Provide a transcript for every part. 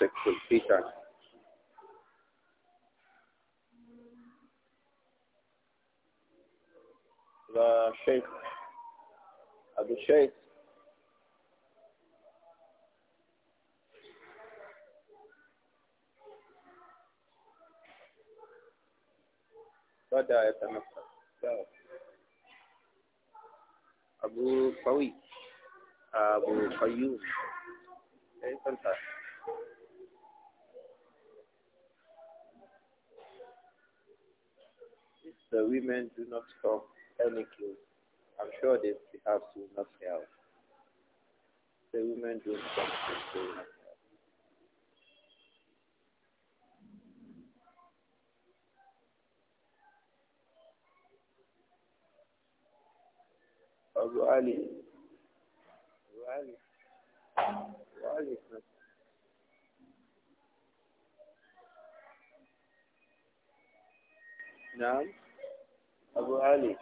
sexual fitan. The Sheikh, Abu Sheikh, بدا يتنفس أبو قوي أبو قيوم أي فلسفة the women do not stop any clothes. I'm sure this perhaps will not help. The women don't stop clothes. Abu Ali. Abu Ali. Abu Ali. Naam. أبو علي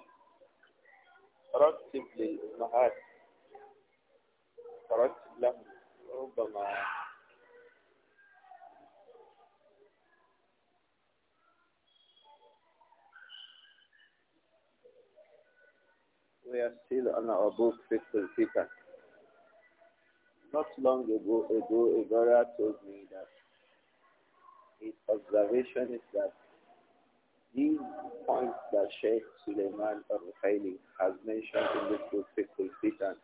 رتب للأمهات رتب لهم ربما We are still on our book, Faithful People. Not long ago, ago, a told me that his observation is that these points that Sheikh Suleiman al-Ruhaili has mentioned in this book, Fiqhul Fitan,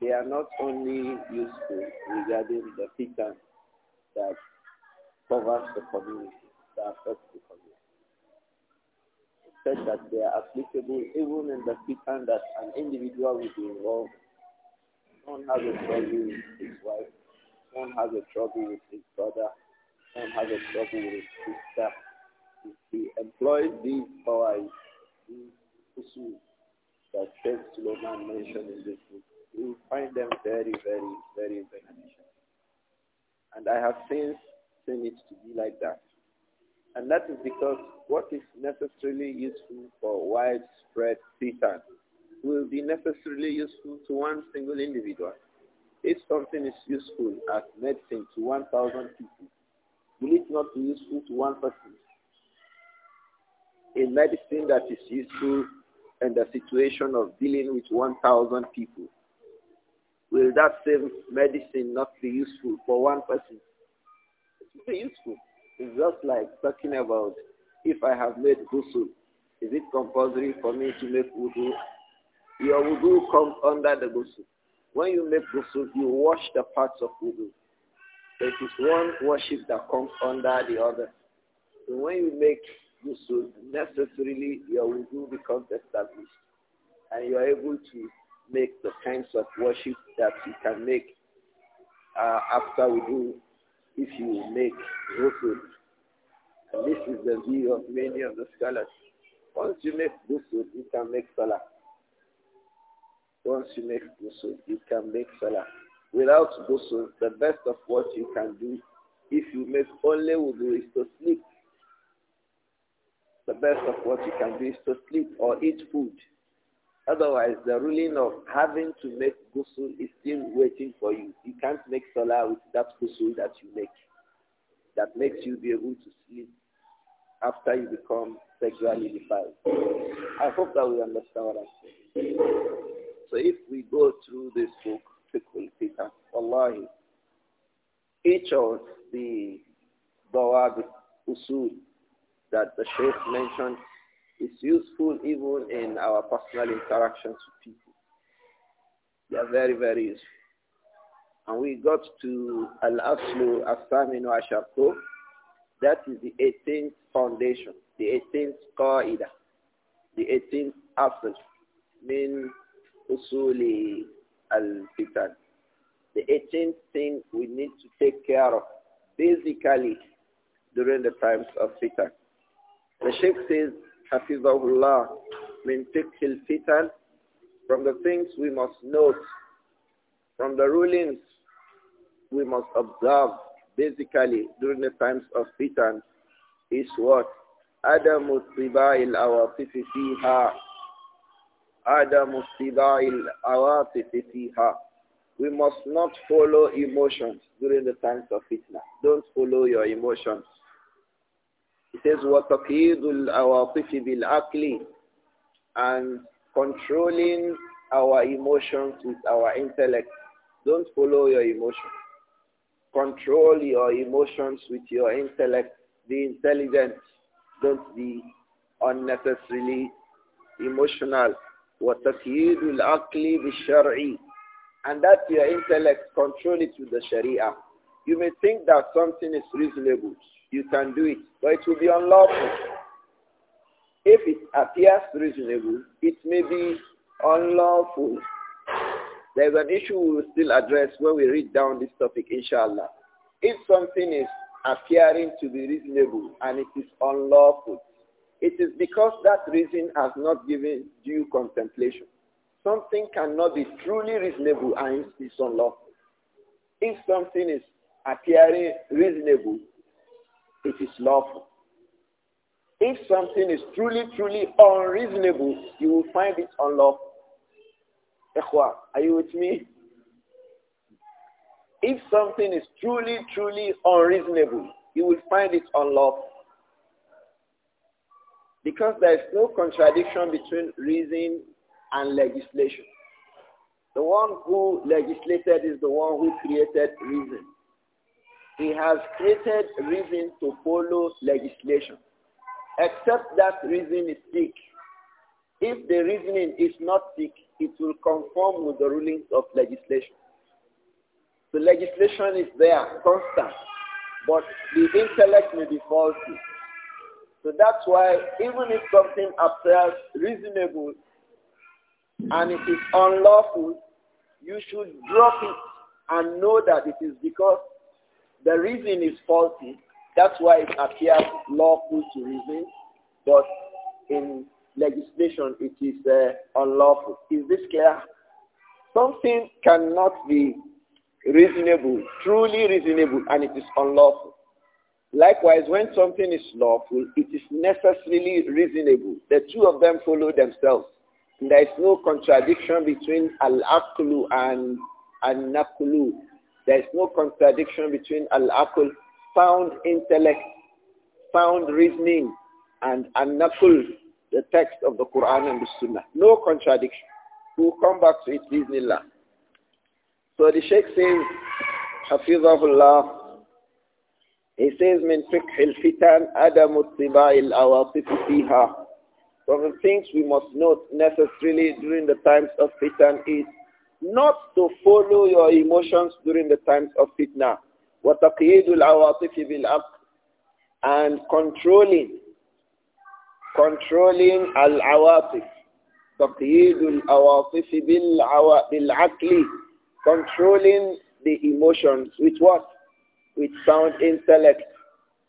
they are not only useful regarding the fitan that covers the community, that affects the community. It said that they are applicable even in the fitan that an individual will be involved. Someone has a trouble with his wife, someone has a trouble with his brother, someone has a trouble with his sister, he employed these powers, these issues that Sheikh Suleiman mentioned in this book. You find them very, very, very beneficial. And I have since seen it to be like that. And that is because what is necessarily useful for widespread fitan will be necessarily useful to one single individual. If something is useful as medicine to 1,000 people, will it not be useful to one person? a medicine that is useful in the situation of dealing with 1,000 people, will that same medicine not be useful for one person? It will be useful. It's just like talking about if I have made ghusl, is it compulsory for me to make wudu? Your wudu comes under the ghusl. When you make ghusl, you wash the parts of wudu. It is one worship that comes under the other. So when you make you should necessarily, your wudu becomes established. And you are able to make the kinds of worship that you can make uh, after wudu if you make ghusl. And this is the view of many of the scholars. Once you make ghusl, you can make salah. Once you make ghusl, you can make salah. Without ghusl, the best of what you can do if you make only wudu is to sleep the best of what you can do is to sleep or eat food. Otherwise, the ruling of having to make ghusl is still waiting for you. You can't make salah with that ghusl that you make. That makes you be able to sleep after you become sexually defiled. I hope that we understand what I'm saying. So if we go through this book, Fiqhul Fitan, Wallahi, each of the Dawab Usul that the Sheikh mentioned is useful even in our personal interactions with people. They are very, very useful. And we got to Al-Aslu Asaminu Asharko. That is the 18th foundation, the 18th Qaida, the 18th Asl, Min Usuli Al-Fitan. The 18th thing we need to take care of, basically, during the times of fitan the Sheikh says, Hafizahullah, min fiqhil fitan, from the things we must note, from the rulings we must observe, basically, during the times of fitan, is what? prevail our awatifi Adam must prevail our fiha. We must not follow emotions during the times of fitna. Don't follow your emotions. He says, وَتَقْيِيدُ الْعَوَاطِفِ بِالْعَقْلِ And controlling our emotions with our intellect. Don't follow your emotions. Control your emotions with your intellect. Be intelligent. Don't be unnecessarily emotional. وَتَقْيِيدُ الْعَقْلِ بِالشَّرْعِ And that your intellect, control it with the Sharia. You may think that something is reasonable. You can do it, but it will be unlawful. If it appears reasonable, it may be unlawful. There's an issue we will still address when we read down this topic, inshallah. If something is appearing to be reasonable and it is unlawful, it is because that reason has not given due contemplation. Something cannot be truly reasonable and it is unlawful. If something is appearing reasonable, it is lawful. If something is truly, truly unreasonable, you will find it unlawful. Ikhwa, are you with me? If something is truly, truly unreasonable, you will find it unlawful. Because there is no contradiction between reason and legislation. The one who legislated is the one who created reason. He has created reason to follow legislation, except that reason is sick. If the reasoning is not sick, it will conform with the rulings of legislation. The legislation is there, constant, but the intellect may be faulty. So that's why even if something appears reasonable and it is unlawful, you should drop it and know that it is because the reason is faulty. That's why it appears lawful to reason, but in legislation it is uh, unlawful. Is this clear? Something cannot be reasonable, truly reasonable, and it is unlawful. Likewise, when something is lawful, it is necessarily reasonable. The two of them follow themselves. And there is no contradiction between al-aklu and al-naklu. There is no contradiction between al-akul, sound intellect, sound reasoning, and al-nakul, the text of the Quran and the Sunnah. No contradiction. We'll come back to it, Bismillah. So the Sheikh says, Hafizahullah, he says, من فقه الفتن أَدَمُ اتباع العواطف فيها. One of the things we must note necessarily during the times of fitan is not to follow your emotions during the times of fitna. وَتَقْيِيدُ الْعَوَاطِفِ بِالْعَقْلِ And controlling, controlling al-awatif. تَقْيِيدُ الْعَوَاطِفِ بِالْعَقْلِ Controlling the emotions with what? With sound intellect.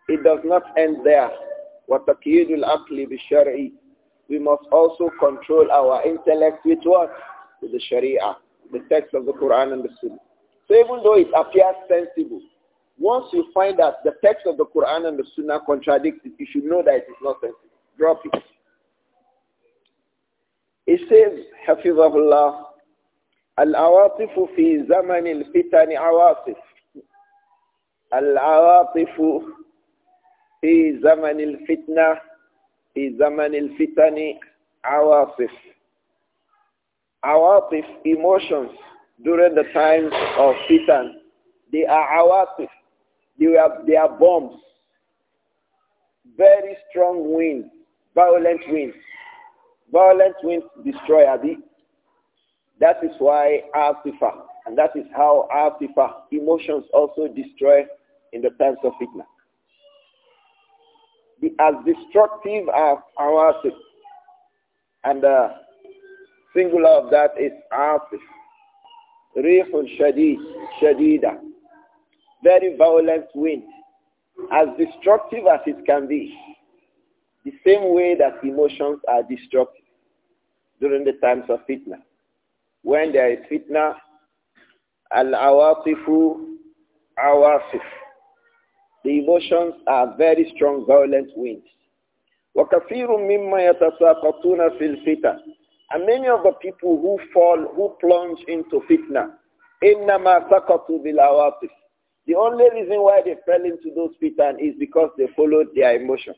It does not end there. وَتَقْيِيدُ الْعَقْلِ بِالشَّرْعِ We must also control our intellect with what? With the Sharia the text of the Quran and the Sunnah. So even though it appears sensible, once you find that the text of the Quran and the Sunnah contradicts it, you should know that it is not sensible. Drop it. It says, Hafizahullah, Al-awatifu fi zaman al-fitani awatif. Al-awatifu fi zaman al-fitna, fi zaman al-fitani awatif our emotions during the times of fitan. They are awatif. They are, they are bombs. Very strong winds, violent winds. Violent winds destroy Abi. That is why Asifa, and that is how Asifa, emotions also destroy in the times of fitna. Be as destructive as Awasif and uh, Singular of that is asif. Rihun shadid, shadida. Very violent wind. As destructive as it can be. The same way that emotions are destructive during the times of fitna. When there is fitna, al-awatifu awasif. The emotions are very strong, violent winds. وَكَثِيرٌ مِمَّا يَتَسَاقَطُونَ فِي الْفِتَةِ and many of the people who fall, who plunge into fitna, إِنَّمَا سَقَطُوا بِالْعَوَاطِفِ The only reason why they fell into those fitna is because they followed their emotion.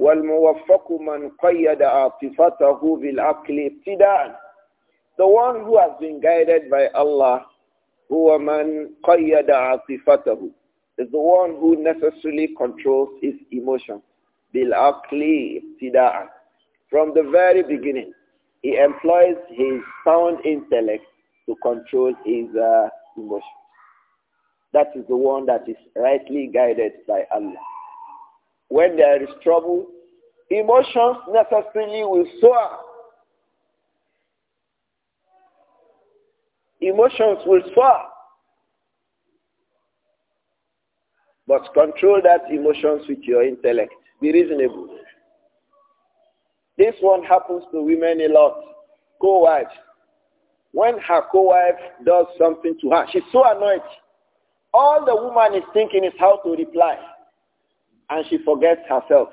وَالْمُوَفَّقُ مَنْ قَيَّدَ عَاطِفَتَهُ بِالْعَقْلِ ابْتِدَاءً The one who has been guided by Allah, هُوَ مَنْ قَيَّدَ عَاطِفَتَهُ is the one who necessarily controls his emotion. بِالْعَقْلِ ابْتِدَاءً From the very beginning. He employs his sound intellect to control his uh, emotions. That is the one that is rightly guided by Allah. When there is trouble, emotions necessarily will soar. Emotions will soar. But control that emotions with your intellect. Be reasonable. This one happens to women a lot. Co-wife. When her co-wife does something to her, she's so annoyed. All the woman is thinking is how to reply. And she forgets herself.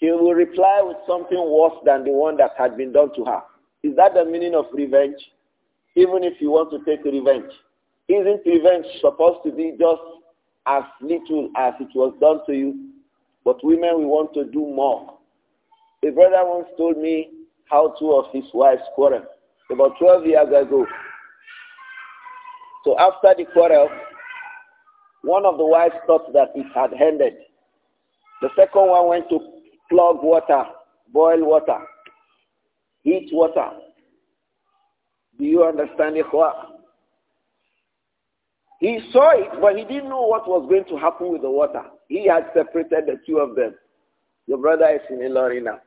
She will reply with something worse than the one that had been done to her. Is that the meaning of revenge? Even if you want to take revenge. Isn't revenge supposed to be just as little as it was done to you? But women, we want to do more. A brother once told me how two of his wives quarreled about 12 years ago. So after the quarrel, one of the wives thought that it had ended. The second one went to plug water, boil water, heat water. Do you understand quarrel? He saw it, but he didn't know what was going to happen with the water. He had separated the two of them. Your brother is in a lorry now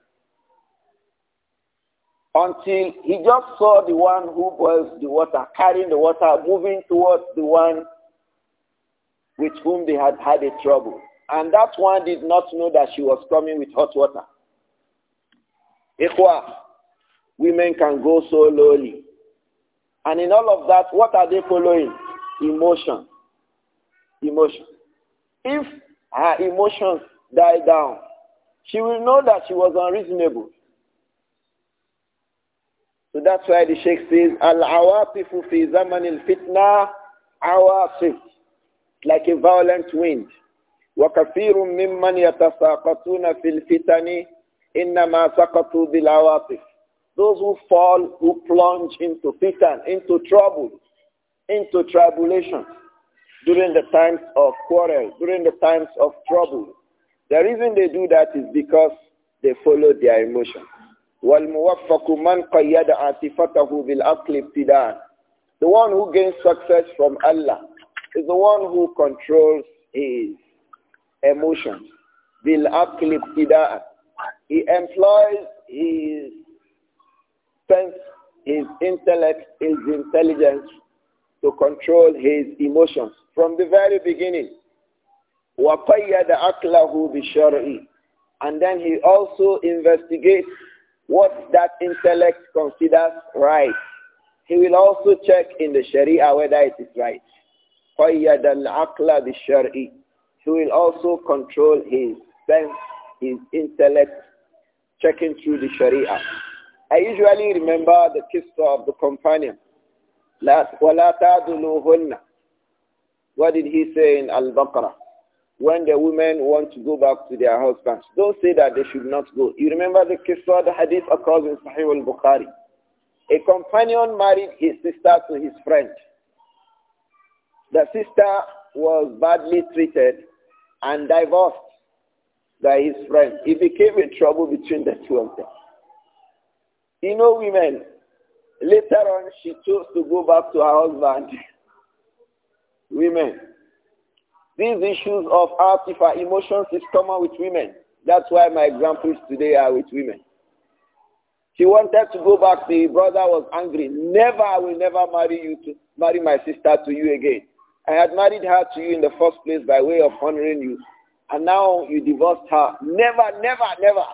until he just saw the one who was the water, carrying the water, moving towards the one with whom they had had a trouble. And that one did not know that she was coming with hot water. Ikhwa, women can go so lowly. And in all of that, what are they following? Emotion. Emotion. If her emotions die down, she will know that she was unreasonable. So that's why the Sheikh says, Al-awatifu fi zaman al-fitna awasif. Like a violent wind. وَكَثِيرٌ مِمَّنْ يَتَسَاقَطُونَ فِي الْفِتَنِ إِنَّمَا سَقَطُوا بِالْعَوَاطِفِ Those who fall, who plunge into fitan, into trouble, into tribulation, during the times of quarrel, during the times of trouble. The reason they do that is because they follow their emotions. وَالْمُوَفَّقُ مَنْ قَيَّدَ عَاطِفَتَهُ بِالْعَقْلِ ابْتِدَاءً The one who gains success from Allah is the one who controls his emotions. بِالْعَقْلِ ابْتِدَاءً He employs his sense, his intellect, his intelligence to control his emotions from the very beginning. وَقَيَّدَ عَقْلَهُ بِالشَّرْعِ And then he also investigates what that intellect considers right. He will also check in the Sharia whether it is right. He will also control his sense, his intellect, checking through the Sharia. I usually remember the kisah of the companion. وَلَا تَعْدُلُوهُنَّ What did he say in Al-Baqarah? when the women want to go back to their husbands. Don't say that they should not go. You remember the kiswa, the hadith occurs in Sahih al-Bukhari. A companion married his sister to his friend. The sister was badly treated and divorced by his friend. It became a trouble between the two of them. You know women, later on she chose to go back to her husband. women, these issues of artifact emotions is common with women. That's why my examples today are with women. She wanted to go back. The brother was angry. Never, I will never marry you to marry my sister to you again. I had married her to you in the first place by way of honoring you. And now you divorced her. Never, never, never.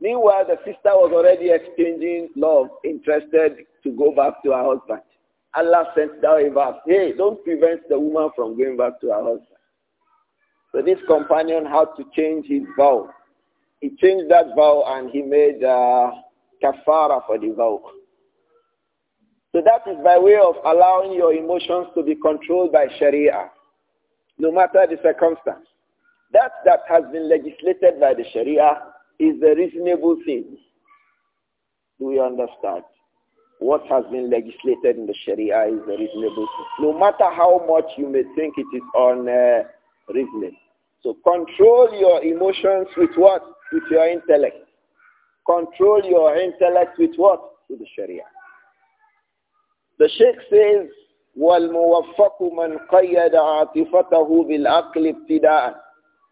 Meanwhile, the sister was already exchanging love, interested to go back to her husband. Allah sent down a verse. Hey, don't prevent the woman from going back to her husband. So this companion had to change his vow. He changed that vow and he made uh, kafara for the vow. So that is by way of allowing your emotions to be controlled by Sharia, no matter the circumstance. That that has been legislated by the Sharia is a reasonable thing. Do we understand? What has been legislated in the Sharia is a reasonable thing. No matter how much you may think it is on. Uh, reasoning. So control your emotions with what? With your intellect. Control your intellect with what? With the Sharia. The Sheikh says, وَالْمُوَفَّقُ مَنْ قَيَّدَ عَاطِفَتَهُ بِالْعَقْلِ ابْتِدَاءً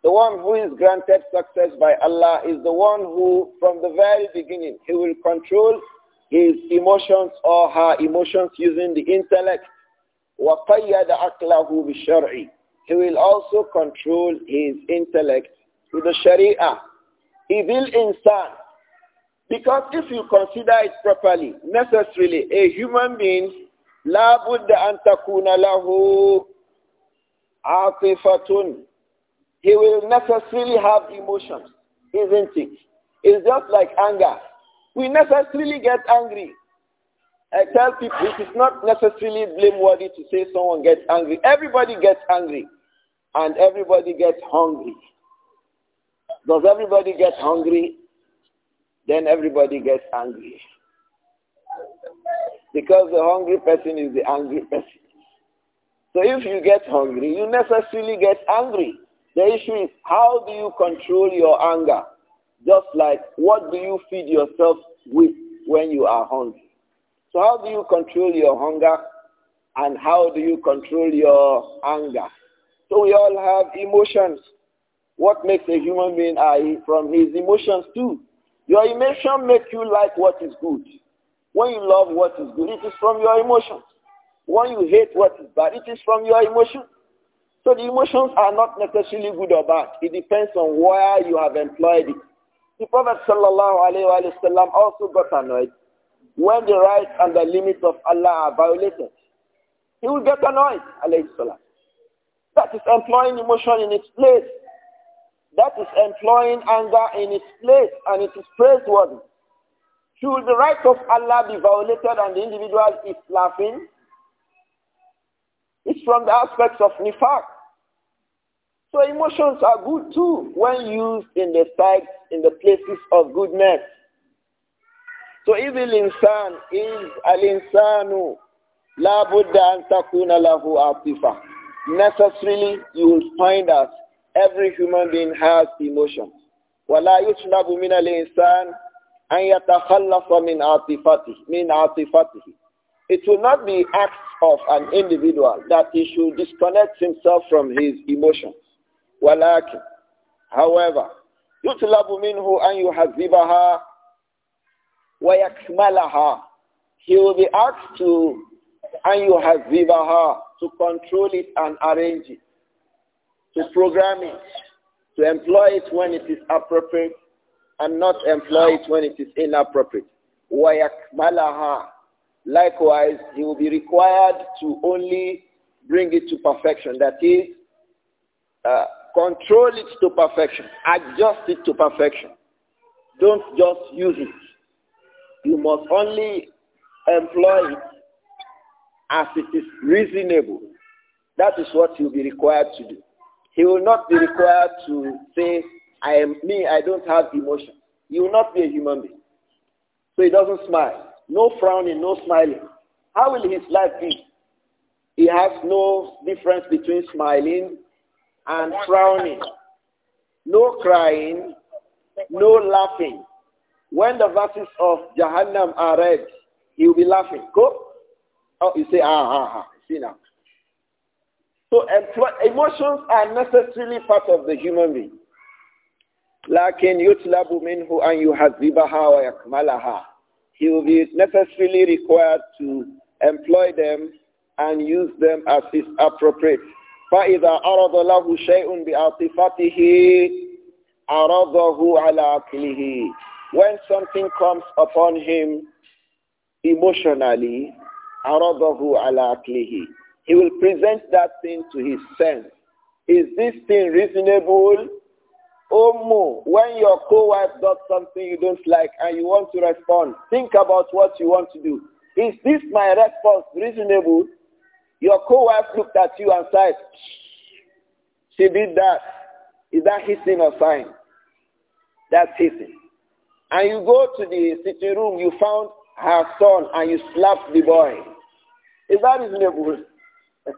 The one who is granted success by Allah is the one who, from the very beginning, he will control his emotions or her emotions using the intellect. وَقَيَّدَ عَقْلَهُ بِالشَّرْعِ he will also control his intellect through the Sharia. Evil insan. Because if you consider it properly, necessarily, a human being, لا بد أن تكون له عاطفة. He will necessarily have emotions, isn't it? It's just like anger. We necessarily get angry. I tell people it is not necessarily blameworthy to say someone gets angry. Everybody gets angry and everybody gets hungry. Does everybody get hungry? Then everybody gets angry. Because the hungry person is the angry person. So if you get hungry, you necessarily get angry. The issue is how do you control your anger? Just like what do you feed yourself with when you are hungry? So how do you control your hunger and how do you control your anger? So we all have emotions. What makes a human being I from his emotions too? Your emotion make you like what is good. When you love what is good, it is from your emotions. When you hate what is bad, it is from your emotions. So the emotions are not necessarily good or bad. It depends on where you have employed it. The Prophet wasallam also got annoyed when the rights and the limits of Allah are violated. He will get annoyed, alayhi salam. That is employing emotion in its place. That is employing anger in its place and it is praiseworthy. Should the right of Allah be violated and the individual is laughing? It's from the aspects of nifaq. So emotions are good too when used in the sites, in the places of goodness. So evil insan is al-insanu la budda an takuna lahu atifa necessarily you will find that every human being has emotions. وَلَا يُسْلَبُ مِنَ insan أَنْ يَتَخَلَّصَ مِنْ عَاطِفَتِهِ مِنْ عَاطِفَتِهِ It will not be acts of an individual that he should disconnect himself from his emotions. وَلَكِنْ However, يُطْلَبُ مِنْهُ أَنْ يُحَذِّبَهَا وَيَكْمَلَهَا He will be asked to and you have vivaha to control it and arrange it, to program it, to employ it when it is appropriate and not employ it when it is inappropriate. Wayakmalaha. Likewise, he will be required to only bring it to perfection. That is, uh, control it to perfection. Adjust it to perfection. Don't just use it. You must only employ it as it is reasonable. That is what he'll be required to do. He will not be required to say, I am me, I don't have emotion. He will not be a human being. So he doesn't smile. No frowning, no smiling. How will his life be? He has no difference between smiling and frowning. No crying, no laughing. When the verses of Jahannam are read, he will be laughing. Go. Oh, you say, ah, ah, ah. See now. So emotions are necessarily part of the human being. لكن يطلب منه أن يهذبها ويكملها. He will be necessarily required to employ them and use them as is appropriate. فإذا أراد له شيء بعاطفته أرضه على عقله. When something comes upon him emotionally, Aradahu على He will present that thing to his sense. Is this thing reasonable? Omo, when your co-wife does something you don't like and you want to respond, think about what you want to do. Is this my response reasonable? Your co-wife looked at you and said, she did that. Is that hissing or sign? That's hissing. And you go to the sitting room, you found her son and you slapped the boy. Is that reasonable?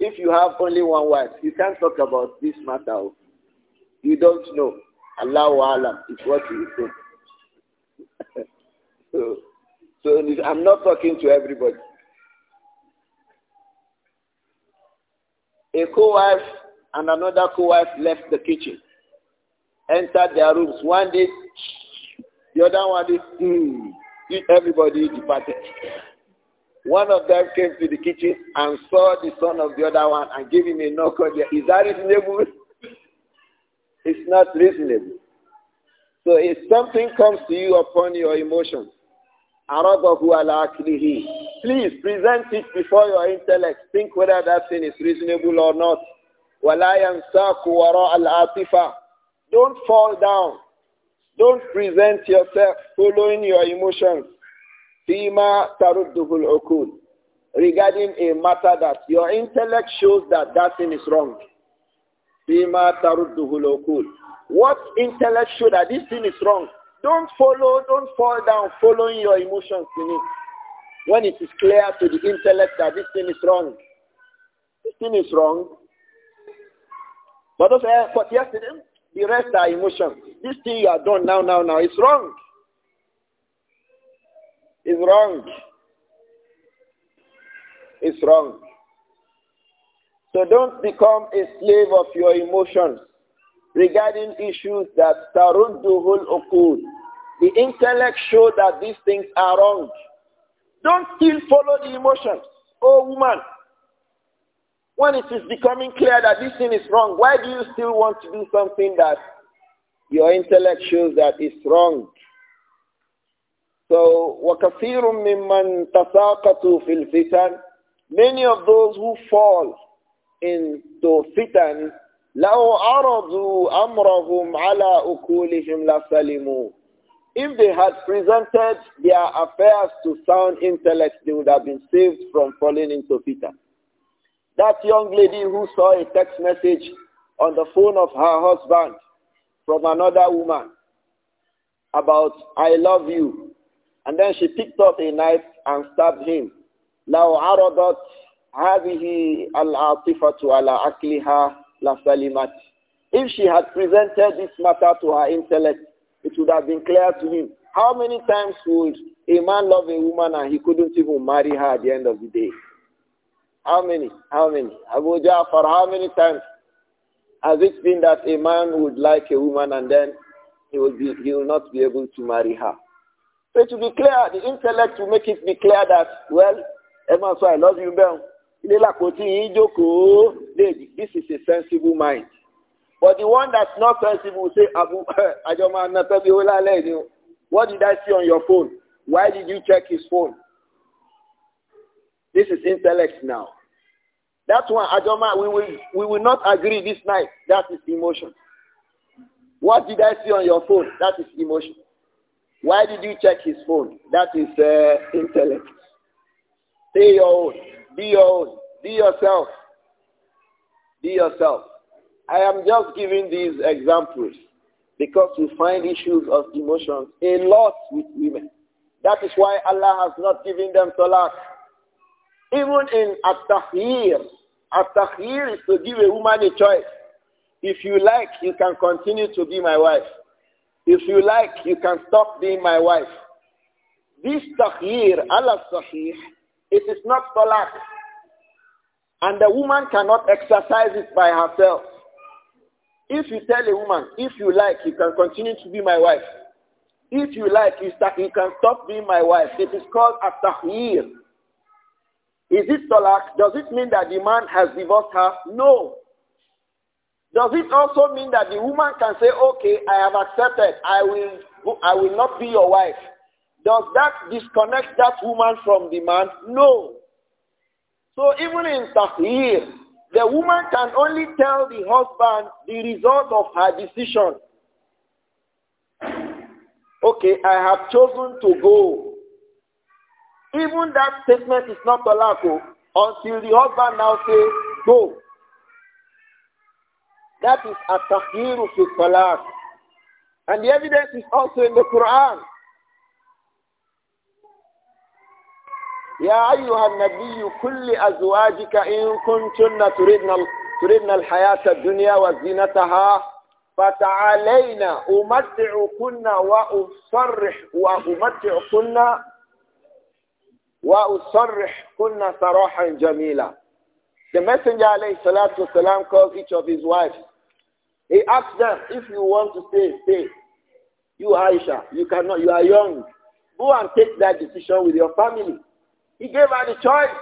if you have only one wife, you can't talk about this matter. You don't know. Allahu Alam is what you think. so, so I'm not talking to everybody. A co-wife and another co-wife left the kitchen, entered their rooms. One day, the other one is, hmm, everybody departed. One of them came to the kitchen and saw the son of the other one and gave him a knock on the head. Is that reasonable? It's not reasonable. So if something comes to you upon your emotions, please present it before your intellect. Think whether that thing is reasonable or not. Don't fall down don't present yourself following your emotions. Fima taruddul okul. Regarding a matter that your intellect shows that that thing is wrong. Fima taruddul okul. What intellect shows that this thing is wrong? Don't follow, don't fall down following your emotions in it. When it is clear to the intellect that this thing is wrong. This thing is wrong. But, also, eh, but yesterday, Rest our emotions. This thing you are done now, now, now, it's wrong. It's wrong. It's wrong. So don't become a slave of your emotions regarding issues that tarudduhul occur. The intellect show that these things are wrong. Don't still follow the emotions. Oh woman, when it is becoming clear that this thing is wrong, why do you still want to do something that your intellect shows that is wrong? So, وَكَثِيرٌ مِّمَّن تَسَاقَتُوا فِي الْفِتَنِ Many of those who fall into fitan, لَوْ عَرَضُوا أَمْرَهُمْ عَلَىٰ أُكُولِهِمْ لَسَلِمُوا if they had presented their affairs to sound intellect, they would have been saved from falling into fitan. That young lady who saw a text message on the phone of her husband from another woman about, I love you. And then she picked up a knife and stabbed him. لو عرضت هذه العاطفة على عقلها لسلمت. If she had presented this matter to her intellect, it would have been clear to him. How many times would a man love a woman and he couldn't even marry her at the end of the day? How many? How many? Abu Ja'far, how many times has it been that a man would like a woman and then he will, be, he will not be able to marry her? So to be clear, the intellect will make it be clear that, well, Emma, so I love you, Bell. This is a sensible mind. But the one that's not sensible will say, Abu, Ajoma, What did I see on your phone? Why did you check his phone? This is intellect now. That one, Ajoma, we will, we will not agree this night. That is emotion. What did I see on your phone? That is emotion. Why did you check his phone? That is uh, intellect. Stay your own. Be your own. Be yourself. Be yourself. I am just giving these examples because we find issues of emotions a lot with women. That is why Allah has not given them talaq. Even in Atahir, Atahir is to give a woman a choice. If you like, you can continue to be my wife. If you like, you can stop being my wife. This tahir, Allah sahih, it is not Talak. And the woman cannot exercise it by herself. If you tell a woman, if you like, you can continue to be my wife. If you like, you, start, you can stop being my wife. It is called a tahir. Is it talak? Does it mean that the man has divorced her? No. Does it also mean that the woman can say, okay, I have accepted, I will, I will not be your wife? Does that disconnect that woman from the man? No. So even in Tahir, the woman can only tell the husband the result of her decision. Okay, I have chosen to go. Even that statement is not allowed until the husband now says, go. That is at-tahhiru fi talaq. And the evidence is also in the Quran. يا أيها النبي كل أزواجك إن كنتن تريدن تريدن الحياة الدنيا wa فتعالينا wa وأصرح وأمتعكن وَأُصَرِّحْ صَرَاحًا The Messenger والسلام, calls each of his wives. He asks them, if you want to stay, stay. You Aisha, you cannot, you are young. Go and take that decision with your family. He gave her the choice.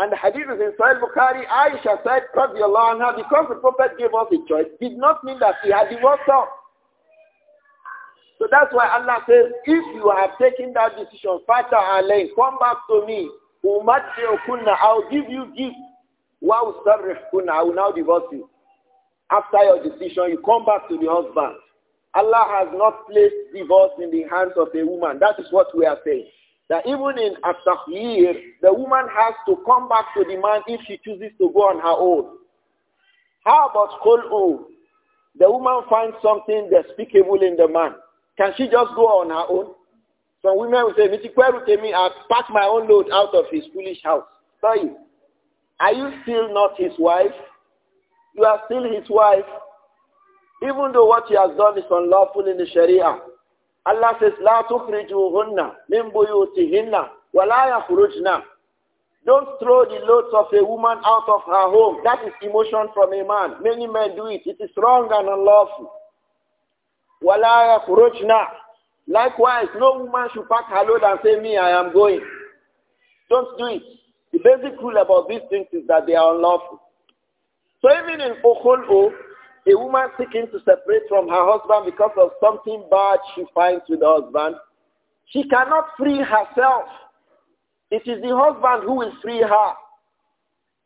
And the hadith is in Sahih Bukhari, Aisha said, because the Prophet gave us a choice, did not mean that he had divorced her. So that's why Allah says, if you have taken that decision, Fata alayhi, come back to me. I'll give you gift. Wa usarrifkunna, I will now divorce you. After your decision, you come back to the husband. Allah has not placed divorce in the hands of a woman. That is what we are saying. That even in after tahir the woman has to come back to the man if she chooses to go on her own. How about Khul'u? The woman finds something despicable in the man. Can she just go on her own? Some women will say, tell me, I packed my own load out of his foolish house. Sorry. Are you still not his wife? You are still his wife. Even though what he has done is unlawful in the Sharia. Allah says, "La لا تخرجوهن من بيوتهن ولا يخرجن. Don't throw the loads of a woman out of her home. That is emotion from a man. Many men do it. It is wrong and unlawful. Wala yakhurujna. Likewise, no woman should pack her load and say, me, I am going. Don't do it. The basic rule about these things is that they are unlawful. So even in Okhul'u, a woman seeking to separate from her husband because of something bad she finds with her husband, she cannot free herself. It is the husband who will free her.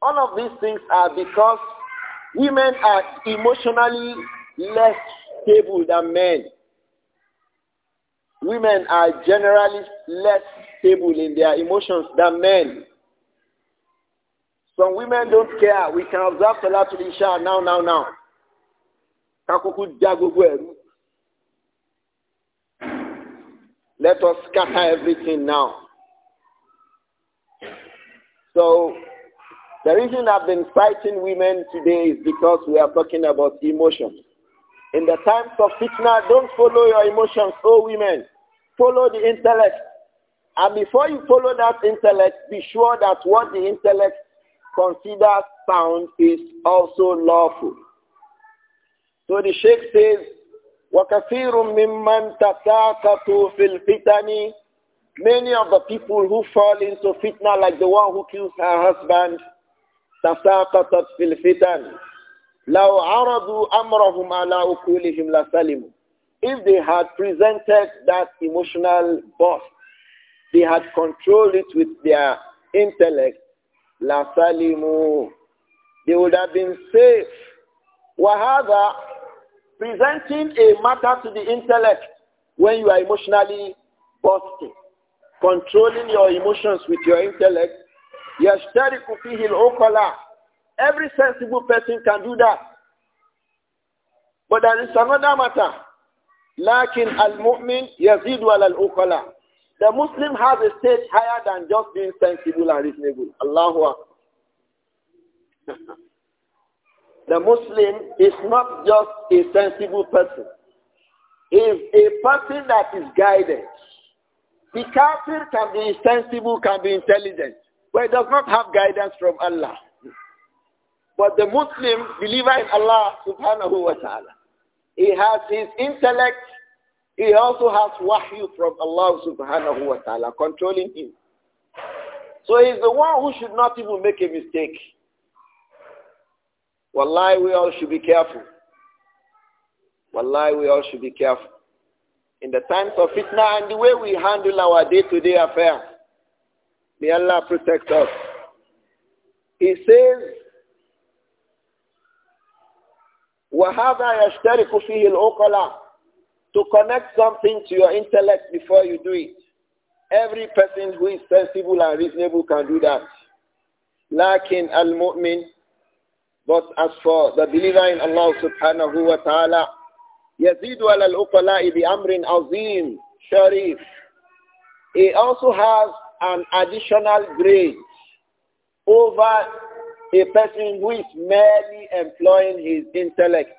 All of these things are because women are emotionally less stable than men. Women are generally less stable in their emotions than men. Some women don't care. We can observe Salatul Isha now, now, now. Let us scatter everything now. So the reason I've been fighting women today is because we are talking about emotions. In the times of fitna, don't follow your emotions, oh women. Follow the intellect. And before you follow that intellect, be sure that what the intellect considers sound is also lawful. So the Sheikh says, وَكَثِيرٌ مِمَّنْ تَسَاقَطُوا فِي الْفِتَنِ Many of the people who fall into fitna, like the one who kills her husband, تَسَاقَطَتْ فِي الْفِتَنِ لَوْ عَرَضُوا أَمْرَهُمْ عَلَىٰ لَسَلِمُوا If they had presented that emotional burst, they had controlled it with their intellect, لَسَلِمُوا They would have been safe. وَهَذَا Presenting a matter to the intellect when you are emotionally bursting, controlling your emotions with your intellect, يَشْتَرِكُ فِيهِ الْعُقَلَةِ Every sensible person can do that. But there is another matter. Lakin al-mu'min yazidu al-uqala. The Muslim has a stage higher than just being sensible and reasonable. Allahu the Muslim is not just a sensible person. He is a person that is guided. The kafir can be sensible, can be intelligent, but it does not have guidance from Allah. But the Muslim believer in Allah subhanahu wa ta'ala, he has his intellect, he also has wahyu from Allah subhanahu wa ta'ala controlling him. So he's the one who should not even make a mistake. Wallahi, we all should be careful. Wallahi, we all should be careful. In the times of fitna and the way we handle our day-to-day affair. affairs, may Allah protect us. He says, وَهَذَا يَشْتَرِكُ فِيهِ الْأُقَلَى To connect something to your intellect before you do it. Every person who is sensible and reasonable can do that. لكن المؤمن But as for the believer in Allah subhanahu wa ta'ala, يزيد على الأقلاء بأمر عظيم شريف. He also has an additional grade over a person who is merely employing his intellect.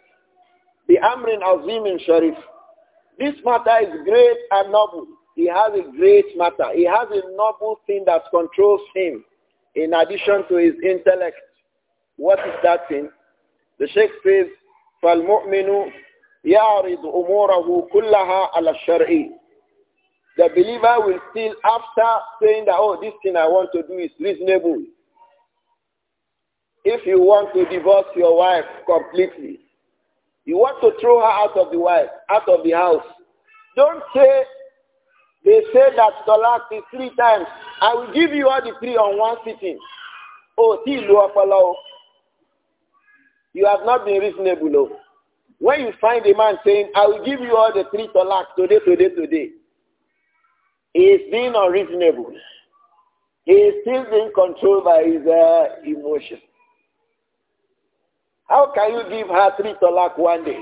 The Amrin Azim in Sharif. This matter is great and noble. He has a great matter. He has a noble thing that controls him in addition to his intellect. What is that thing? The Sheikh says, فَالْمُؤْمِنُ يَعْرِضُ أُمُورَهُ كُلَّهَا عَلَى الشَّرْعِ The believer will still, after saying that, oh, this thing I want to do is reasonable, if you want to divorce your wife completely, you want to throw her out of the wife, out of the house, don't say, they say that talak is three times. I will give you all the three on one sitting. Oh, see, Luafalao, you have not been reasonable. When you find a man saying, I will give you all the three talak today, today, today, he is being unreasonable. He is still being controlled by his uh, emotions. How can you give her three talak one day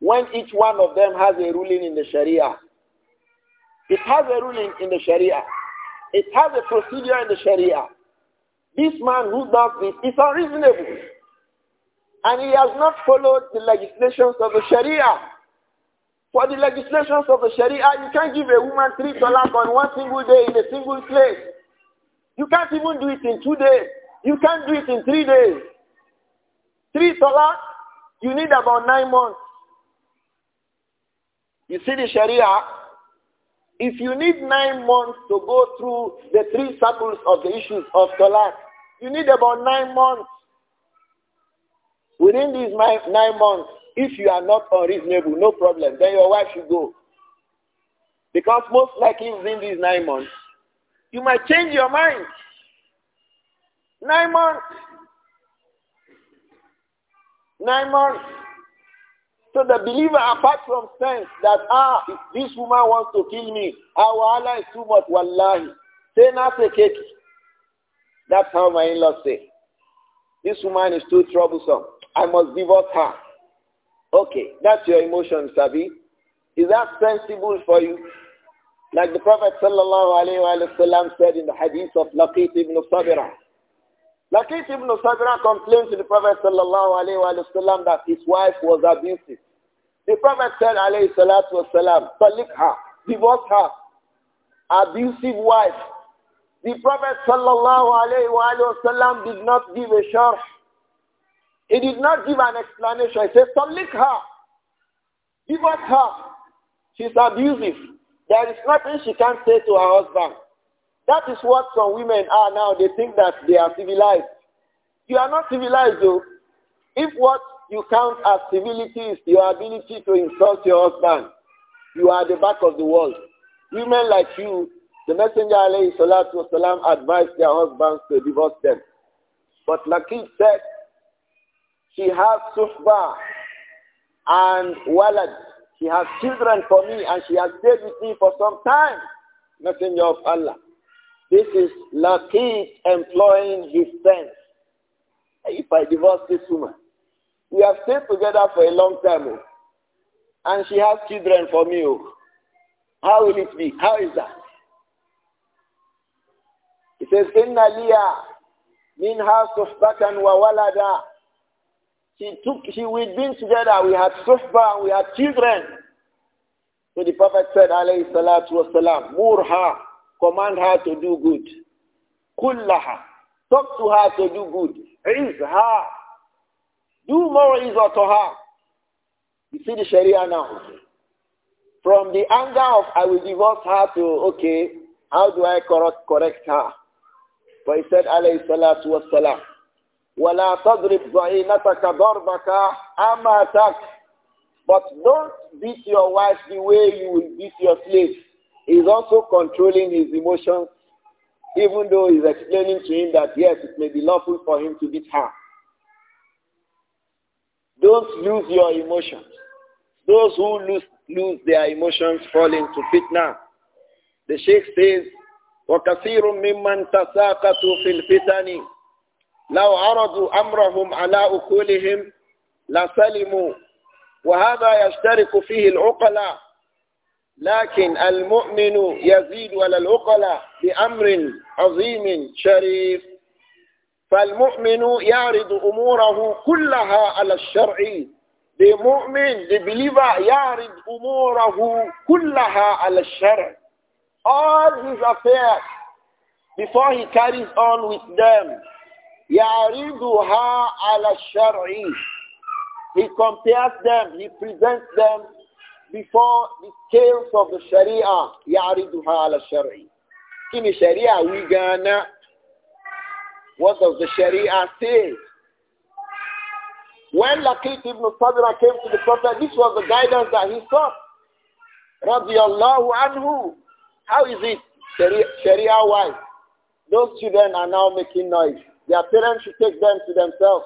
when each one of them has a ruling in the Sharia? It has a ruling in the Sharia. It has a procedure in the Sharia. This man who does this is unreasonable. And he has not followed the legislations of the Sharia. For the legislations of the Sharia, you can't give a woman three talak on one single day in a single place. You can't even do it in two days. You can't do it in three days. Three dollars, you need about nine months. You see the Sharia? If you need nine months to go through the three circles of the issues of salat, you need about nine months. Within these nine months, if you are not unreasonable, no problem. Then your wife should go. Because most likely within these nine months, you might change your mind. Nine months. Nine months. So the believer, apart from sense that, ah, if this woman wants to kill me, our Allah is too much, wallahi. Say nothing, cake. That's how my in-laws say. This woman is too troublesome. I must divorce her. Okay, that's your emotion, Sabi. Is that sensible for you? Like the Prophet sallallahu alayhi wa sallam said in the hadith of Laqit ibn Sabirah, Lakith ibn Sabra complained to the Prophet sallallahu alayhi wa sallam that his wife was abusive. The Prophet said alayhi salatu wasalam, talik her, divorce her, abusive wife. The Prophet sallallahu alayhi wa sallam did not give a sharh. He did not give an explanation. He said, talik her, divorce her. She's abusive. There is nothing she can say to her husband. That is what some women are now. They think that they are civilized. You are not civilized though. If what you count as civility is your ability to insult your husband, you are the back of the world. Women like you, the Messenger alayhi salatu wasalam advised their husbands to divorce them. But Laqib said, she has suhbah and walad. She has children for me and she has stayed with me for some time, Messenger of Allah. This is Latif employing his sense. If I divorce this woman, we have stayed together for a long time, oh. and she has children for me. Oh. How will it be? How is that? He says, Inna liya minha batan wa walada. She took, she, we have been together, we had suhba, we had children. So the Prophet said, alayhi salatu wasalam, murha, Command her to do good. Kullaha. Talk to her to do good. Is her. Do more is to her. You see the Sharia now. From the anger of I will divorce her to, okay, how do I correct, correct her? But he said, alayhi salatu wassalam, وَلَا تَضْرِبْ ضَعِينَتَكَ ضَرْبَكَ أَمَاتَكَ But don't beat your wife the way you will beat your slave. He's also controlling his emotions, even though he's explaining to him that yes, it may be lawful for him to beat her. Don't lose your emotions. Those who lose, lose their emotions fall into fitna. The Sheikh says, وَكَثِيرٌ مِمَّنْ تَسَاقَتُوا فِي الْفِتَنِ لَوْ عَرَضُوا أَمْرَهُمْ عَلَىٰ أُخُولِهِمْ لَسَلِمُوا وهذا يشترك فيه الْعُقْلَةُ." لكن المؤمن يزيد ولا العقلاء بأمر عظيم شريف فالمؤمن يعرض أموره كلها على الشرع The mu'min, believer, يعرض أموره كلها على الشرع. All his affairs, before he carries on with them, يعرضها على الشرع. He compares them, he presents them before the scales of the Sharia, يعرضها على الشرع. In the Sharia, we gonna, what does the Sharia say? When Laqit ibn Sadra came to the Prophet, this was the guidance that he sought. رضي How is it Sharia, Sharia wise? Those children are now making noise. Their parents should take them to themselves.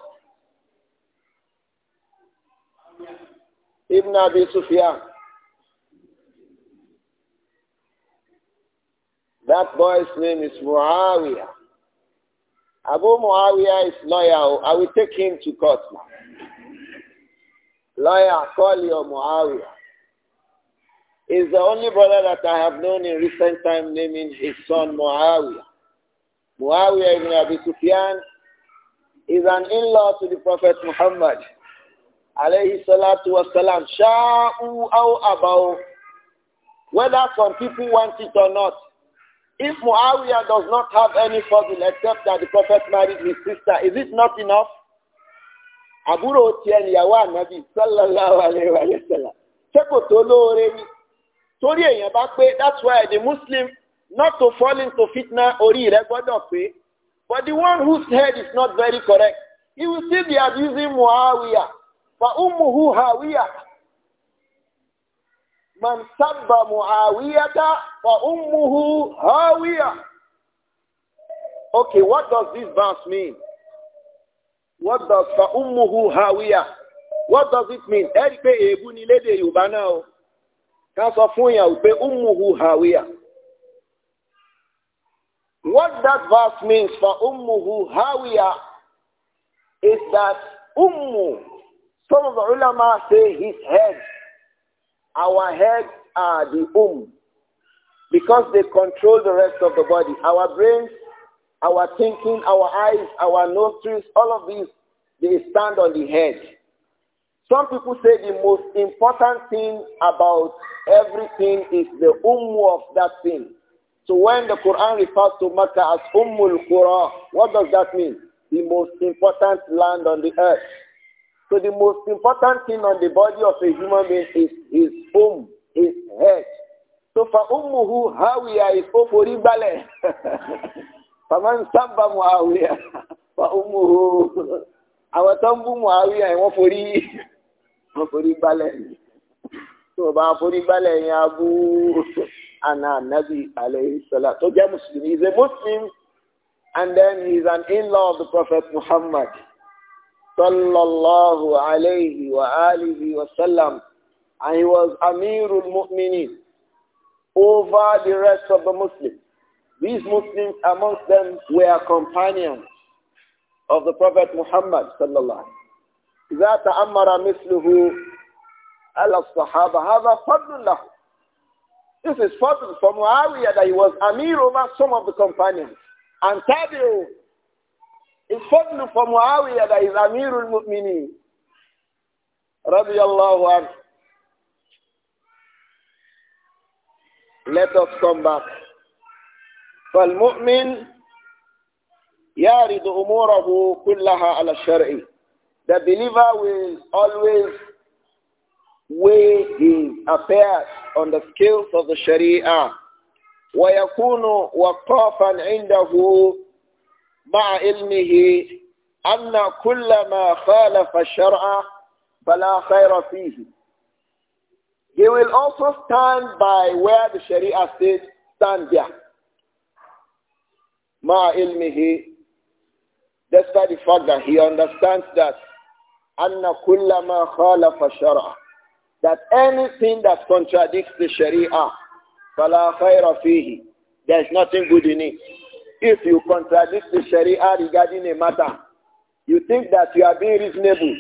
Ibn Abi Sufyan. That boy's name is Muawiyah. Abu Muawiyah is lawyer. I will take him to court now. Lawyer, call your Muawiyah. He's the only brother that I have known in recent time naming his son Muawiyah. Muawiyah ibn Abi Sufyan is an in-law to the Prophet Muhammad. Alayhi salatu wasalam. Sha'u aw abaw. Whether some people want it or not, if Muawiyah does not have any fault except that the Prophet married his sister, is it not enough? àbúrò sallallahu torí that's why the muslim not to fall into fitna orí rẹ̀ but the one whose head is not very correct he will still be abusing muawiya fa umuhu hawiya man sábà muawiyata fa ummuhu hawiya. Okay, what does this verse mean? What does fa ummuhu hawiya? What does it mean? Ẹ rí pé èébú ni lédè Yorùbá náà o. Ká sọ fún ìyàwó pé ummuhu hawiya. What that verse means for ummuhu hawiya is that ummu, some of the ulama say his head Our heads are the um because they control the rest of the body. Our brains, our thinking, our eyes, our nostrils, all of these, they stand on the head. Some people say the most important thing about everything is the umm of that thing. So when the Quran refers to Makkah as Ummul Qura, what does that mean? The most important land on the earth. So the most important thing on the body of a human being is his um his head. So for ummuhu hawiya is ofori bale. Faman samba muawiya. for ummuhu. Àwọn tó ń bú muawiya yẹn wọ́n forí balẹ̀ So Tó bá forí balẹ̀ yẹn abú àna Nabi alayhi salam. Tó jẹ́ Mùsùlùmí, he a Muslim and then he's an in-law of the Prophet Muhammad sallallahu alaihi wa alihi wa sallam. And he was Amirul Mu'mineen over the rest of the Muslims. These Muslims amongst them were companions of the Prophet Muhammad sallallahu alaihi wasallam. sallam. مثله على الصحابة هذا فضل له this is further from Muawiyah that he was Amir over some of the companions. And Tabi'u الفضل فمعاوية is أمير المؤمنين رضي الله عنه Let us come back. فالمؤمن يارد أموره كلها على الشرع. The believer will always weigh his affairs on the scales of the Sharia. ويكون وقافا عنده مع علمه أن كل ما خالف الشرع فلا خير فيه. He will also stand by where the Sharia says stand there. مع علمه despite the fact that he understands that أن كل ما خالف الشرع that anything that contradicts the Sharia فلا خير فيه there is nothing good in it. If you contradict the Sharia regarding a matter, you think that you are being reasonable.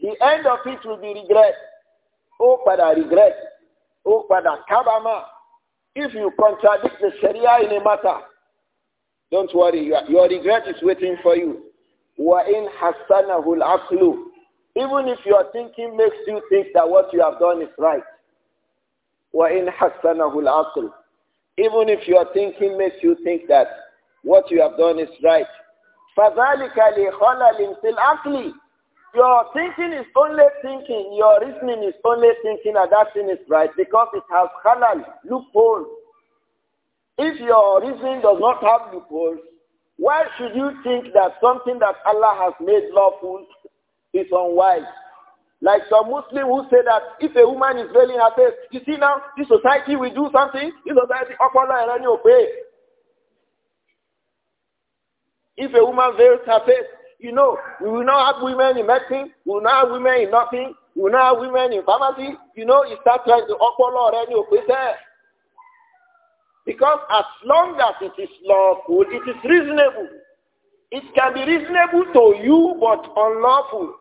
The end of it will be regret. Oh, Father, regret. Oh, Father, kabama. If you contradict the Sharia in a matter, don't worry, your regret is waiting for you. وَإِنْ حَسَّنَهُ الْعَقْلُ Even if your thinking makes you think that what you have done is right. وَإِنْ حَسَّنَهُ الْعَقْلُ even if your thinking makes you think that what you have done is right. فَذَلِكَ لِخَلَلٍ فِي الْعَقْلِ Your thinking is only thinking, your reasoning is only thinking that that thing is right because it has halal, loophole. If your reasoning does not have loopholes, why should you think that something that Allah has made lawful is unwise? Like some Muslim who say that if a woman is veiling her face, you see now, this society will do something, this society, Okwala and obey. If a woman veils her face, you know, we will not have women in medicine, we will not have women in nothing, we will not have women in pharmacy, you know, you start trying to Okwala and you obey Because as long as it is lawful, it is reasonable. It can be reasonable to you, but unlawful.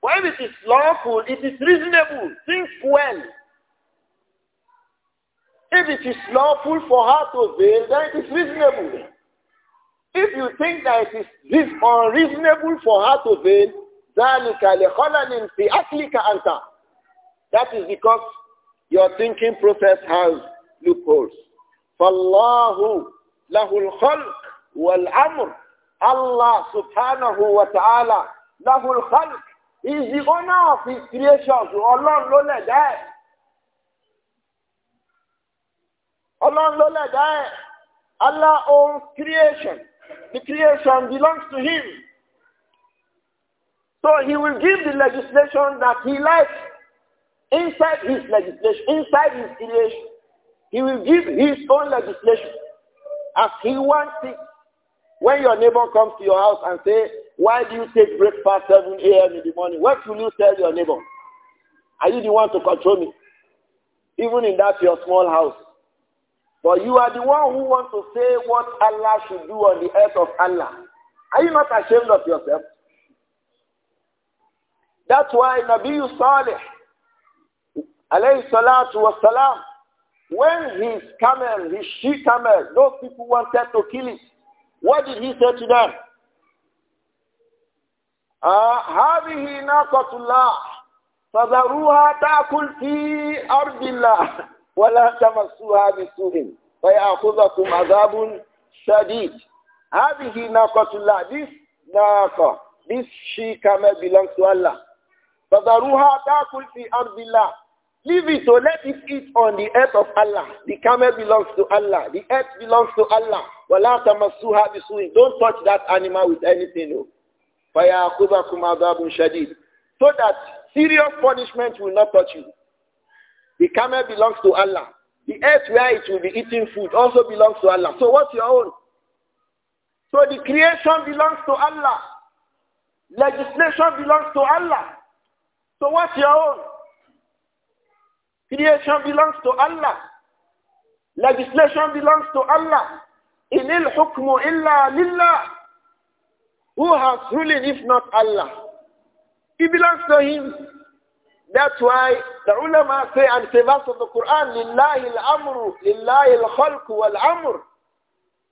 When it is lawful, it is reasonable. Think well. If it is lawful for her to veil, then it is reasonable. If you think that it is unreasonable for her to veil, that is because your thinking process has loopholes. فالله له الخلق والأمر Allah subhanahu wa ta'ala له الخلق he is the owner of his creation. Ọlọ́run ló lẹ̀dá ẹ̀. Ọlọ́run ló lẹ̀dá ẹ̀. Allah owns creation. The creation belongs to him. So he will give the legislation that he likes inside his legislation, inside his creation. He will give his own legislation as he wants it. When your neighbor comes to your house and says, why do you take breakfast 7 a.m. in the morning? What will you tell your neighbor? Are you the one to control me? Even in that your small house. But you are the one who wants to say what Allah should do on the earth of Allah. Are you not ashamed of yourself? That's why Nabi Yusuf, alayhi salatu was salam, when his camel, his she camel, those people wanted to kill it, what did he say to them? هذه ناقة الله فذروها تأكل في أرض الله ولا تمسوها بسوء فيأخذكم عذاب شديد هذه ناقة الله this ناقة this she camel belongs to Allah فذروها تأكل في أرض الله Leave it or let it eat on the earth of Allah. The camel belongs to Allah. The earth belongs to Allah. ولا تمسوها تَمَسُّهَا بِسُوءٍ Don't touch that animal with anything. No. Oh. عَذَابٌ شَدِيدٌ So that serious punishment will not touch you. The camel belongs to Allah. The earth where it will be eating food also belongs to Allah. So what's your own? So the creation belongs to Allah. Legislation belongs to Allah. So what's your own? Creation belongs to Allah. Legislation belongs to Allah. إِنِ الْحُكْمُ إِلَّا لِلَّهِ who has ruling if not Allah? It belongs to him. That's why the ulama say and say verse of the Quran, Lillahi al-amru, Lillahi al-khalqu wal-amr.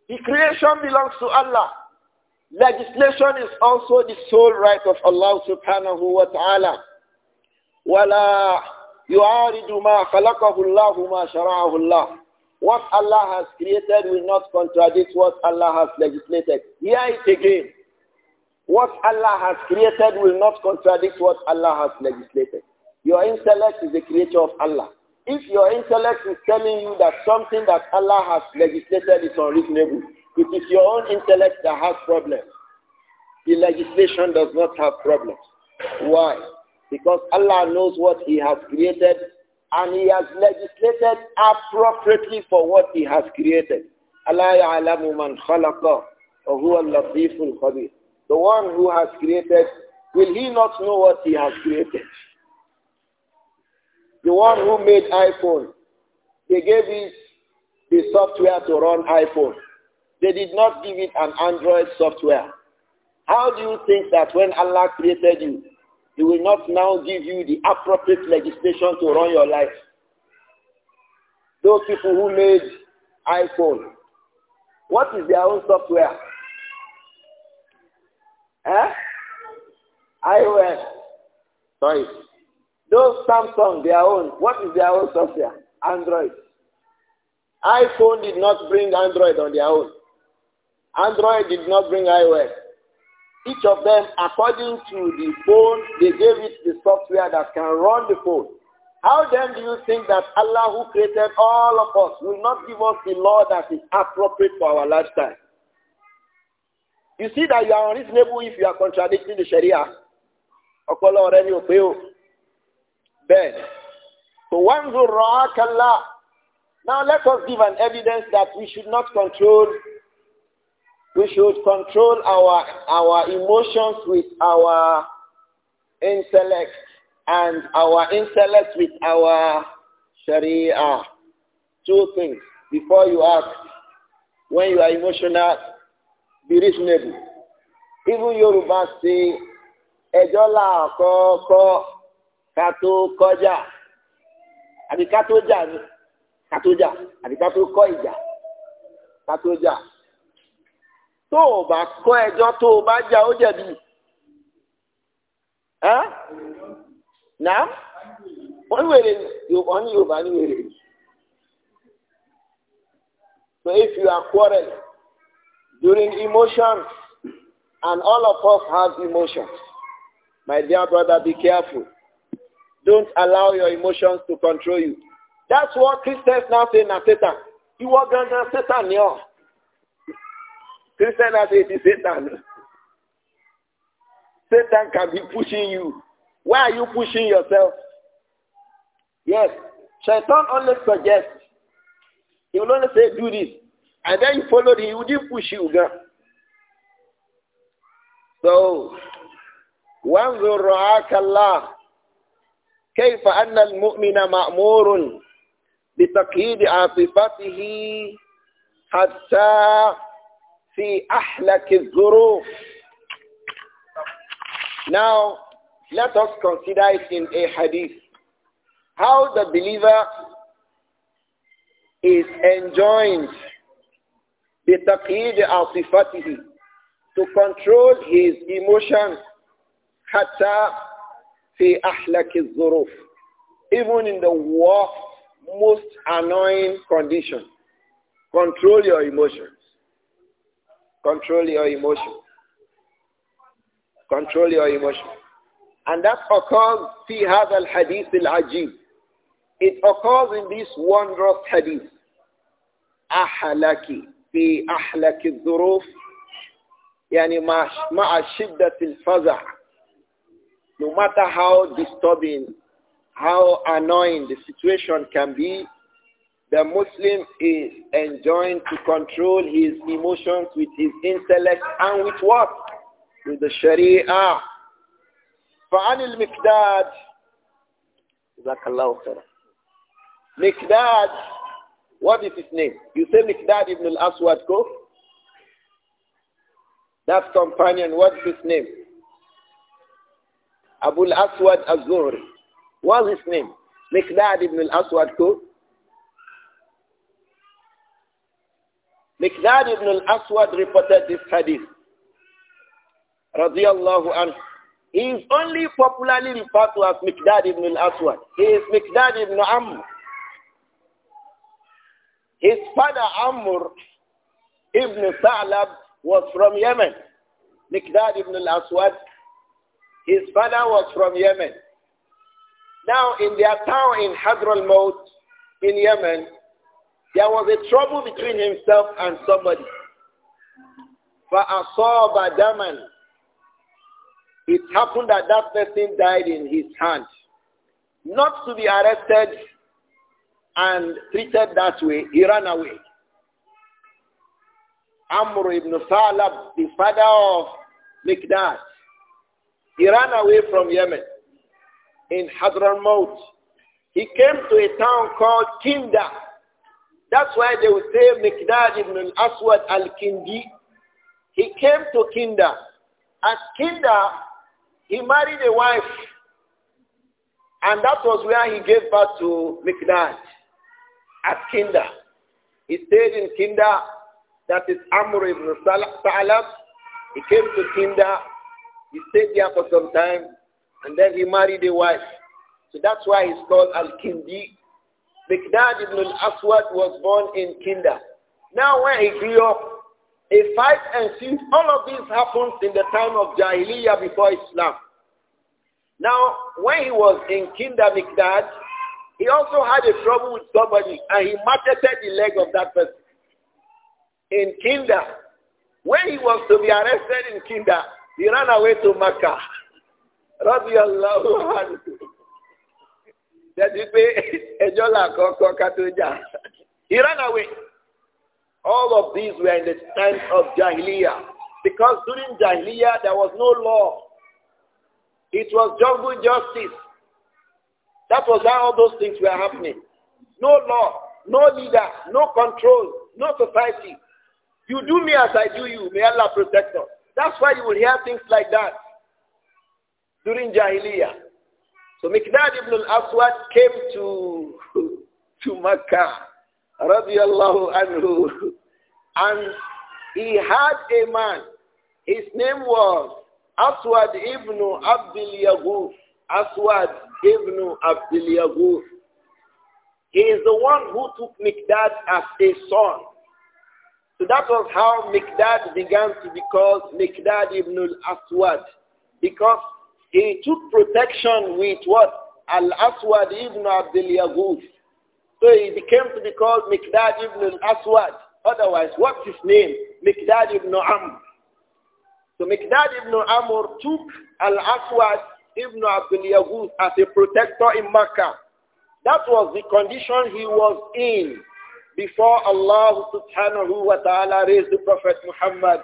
The creation belongs to Allah. Legislation is also the sole right of Allah subhanahu wa ta'ala. وَلَا يُعَارِضُ مَا خَلَقَهُ اللَّهُ مَا شَرَعَهُ اللَّهُ What Allah has created will not contradict what Allah has legislated. Here it again. What Allah has created will not contradict what Allah has legislated. Your intellect is the creator of Allah. If your intellect is telling you that something that Allah has legislated is unreasonable, it is your own intellect that has problems. The legislation does not have problems. Why? Because Allah knows what he has created and he has legislated appropriately for what he has created. Allah ya'lamu man khalaqa wa huwa al al khabir. The one who has created, will he not know what he has created? The one who made iPhone, they gave it the software to run iPhone. They did not give it an Android software. How do you think that when Allah created you, he will not now give you the appropriate legislation to run your life? Those people who made iPhone, what is their own software? Eh? iOS. Sorry. Those Samsung, their own. What is their own software? Android. iPhone did not bring Android on their own. Android did not bring iOS. Each of them, according to the phone, they gave it the software that can run the phone. How then do you think that Allah who created all of us will not give us the law that is appropriate for our lifestyle? You see that you are unreasonable if you are contradicting the Sharia. ọpọlọ rẹ ni ò pé o pe o so one now let us give an evidence that we should not control we should control our our emotions with our intellect and our intellect with our sharia two things before you act when you are emotional be reasonable. Even Yoruba say, ẹjọ́ là kọ́kọ́ ká tó kọjá àbí ká tó jà ní ká tó jà àbí ká tó kọ́ ìjà ká tó jà. Tó o bá kọ́ ẹjọ́ tó o bá jà ó jẹ̀bi. Nà wọ́n wèrè wọ́n Yorùbá wèrè. So if you are during emotions. And all of us have emotions. My dear brother, be careful. Don't allow your emotions to control you. That's what Christians now say na Satan. You are going to Satan, yeah. Christians now say it is Satan. Satan can be pushing you. Why are you pushing yourself? Yes. Shaitan only suggests. He will only say, do this. And then you followed him, he wouldn't push you again. So, وانظر رعاك الله كيف أن المؤمن مأمور بتقييد عاطفته حتى في أحلك الظروف. Now, let us consider it in a hadith. How the believer is enjoined بتقييد عاصفته to control his emotion حتى في أحلك الظروف even in the worst most annoying condition control your emotions control your emotions control your emotions and that occurs في هذا الحديث العجيب it occurs in this wondrous hadith ahlaki. في أحلك الظروف يعني مع شدة الفزع no matter how disturbing how annoying the situation can be the Muslim is enjoined to control his emotions with his intellect and with what? With the Sharia. فعن المقداد جزاك الله خيرا مقداد what is his name? You say Mikdad ibn al-Aswad Ko? That companion, what's his name? Abu al-Aswad az What's his name? Mikdad ibn al-Aswad Ko? Mikdad ibn al-Aswad reported this hadith. Radiallahu anhu. He is only popularly referred to as Mikdad ibn al-Aswad. He is Mikdad ibn Amr. His father Amr ibn Sa'lab was from Yemen. Mikdad ibn al-Aswad, his father was from Yemen. Now in their town in Hadramaut, in Yemen, there was a trouble between himself and somebody. فَأَصَابَ دَمًا It happened that that person died in his hand. Not to be arrested and treated that way, he ran away. Amr ibn Salab, the father of Mikdad, he ran away from Yemen in Hadramaut. He came to a town called Kinda. That's why they would say Mikdad ibn al-Aswad al-Kindi. He came to Kinda. At Kinda, he married a wife. And that was where he gave birth to Mikdad at Kinda. He stayed in Kinda, that is Amr ibn Salam. He came to Kinda, he stayed there for some time, and then he married a wife. So that's why he's called Al-Kindi. Mikdad ibn al-Aswad was born in Kinda. Now when he grew up, a fight ensued. All of this happened in the time of Jahiliyyah before Islam. Now, when he was in Kinda Mikdad, he also had a trouble with somebody and he marketed the leg of that person. In Kinder, when he was to be arrested in Kinder, he ran away to Mecca. He ran away. All of these were in the times of Jahiliyyah. Because during Jahiliyyah, there was no law. It was jungle justice. That was how those things were happening. No law, no leader, no control, no society. You do me as I do you. May Allah protect us. That's why you will hear things like that during Jahiliyyah. So Mikdad ibn al-Aswad came to, to Makkah, radiallahu anhu, and he had a man. His name was Aswad ibn Abdul Yaguf. Aswad Ibn Abdul He is the one who took Mikdad as a son. So that was how Mikdad began to be called Mikdad ibn al-Aswad because he took protection with what? Al-Aswad ibn Abdul Yaghuf. So he became to be called Mikdad ibn al-Aswad. Otherwise, what's his name? Mikdad ibn Amr. So Mikdad ibn Amr took Al-Aswad Ibn Abdul Yahud as a protector in Makkah. That was the condition he was in before Allah subhanahu wa ta'ala raised the Prophet Muhammad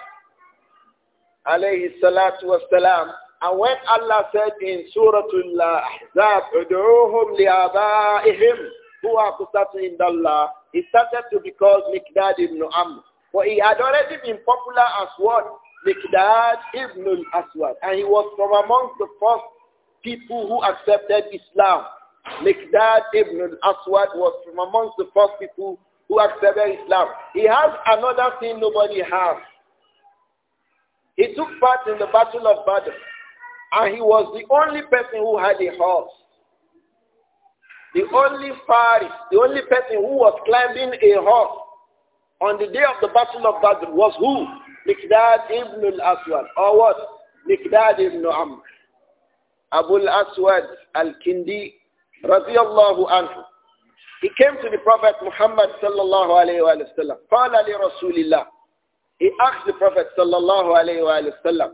alayhi salatu salam. And when Allah said in Surah Al-Ahzab, Udu'uhum li'abaihim huwa qusatu indallah, he started to be called Mikdad ibn Amr. for he had already been popular as what? Mikdad ibn al-Aswad. And he was from amongst the first people who accepted Islam. Mikdad ibn aswad was from amongst the first people who accepted Islam. He has another thing nobody has. He took part in the Battle of Badr and he was the only person who had a horse. The only Faris, the only person who was climbing a horse on the day of the Battle of Badr was who? Mikdad ibn al-Aswad or what? Mikdad ibn Amr. Abu al-Aswad al-Kindi radiyallahu anhu. He came to the Prophet Muhammad sallallahu alayhi wa sallam. قال لرسول He asked the Prophet sallallahu alayhi wa sallam,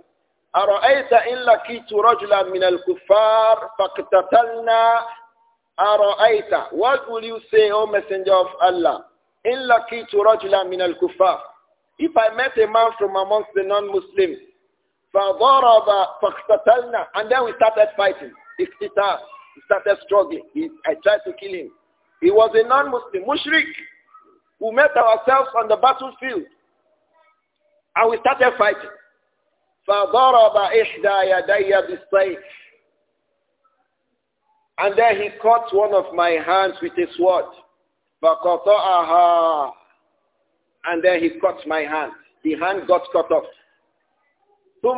أرأيت إن لقيت رجلا من الكفار فاقتتلنا أرأيت What will you say, O Messenger of Allah? إن لقيت رجلا من الكفار If I met a man from amongst the non-Muslims فَضَرَبَ فَاقْتَتَلْنَا And then we started fighting. He started struggling. He, I tried to kill him. He was a non-Muslim, mushrik. We met ourselves on the battlefield. And we started fighting. فَضَرَبَ إِحْدَى يَدَيَّ بِالسَّيْفِ And then he cut one of my hands with a sword. And then he cut my hand. The hand got cut off. Then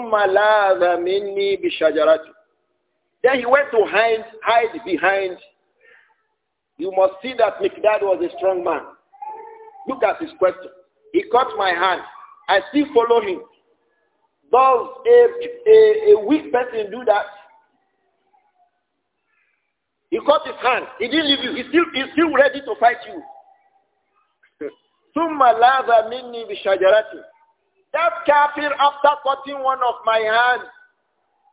he went to hide, hide behind. You must see that Mikdad was a strong man. Look at his question. He caught my hand. I still follow him. Does a, a, a weak person do that? He caught his hand. He didn't leave you. He's still, he's still ready to fight you. That kafir, after cutting one of my hands,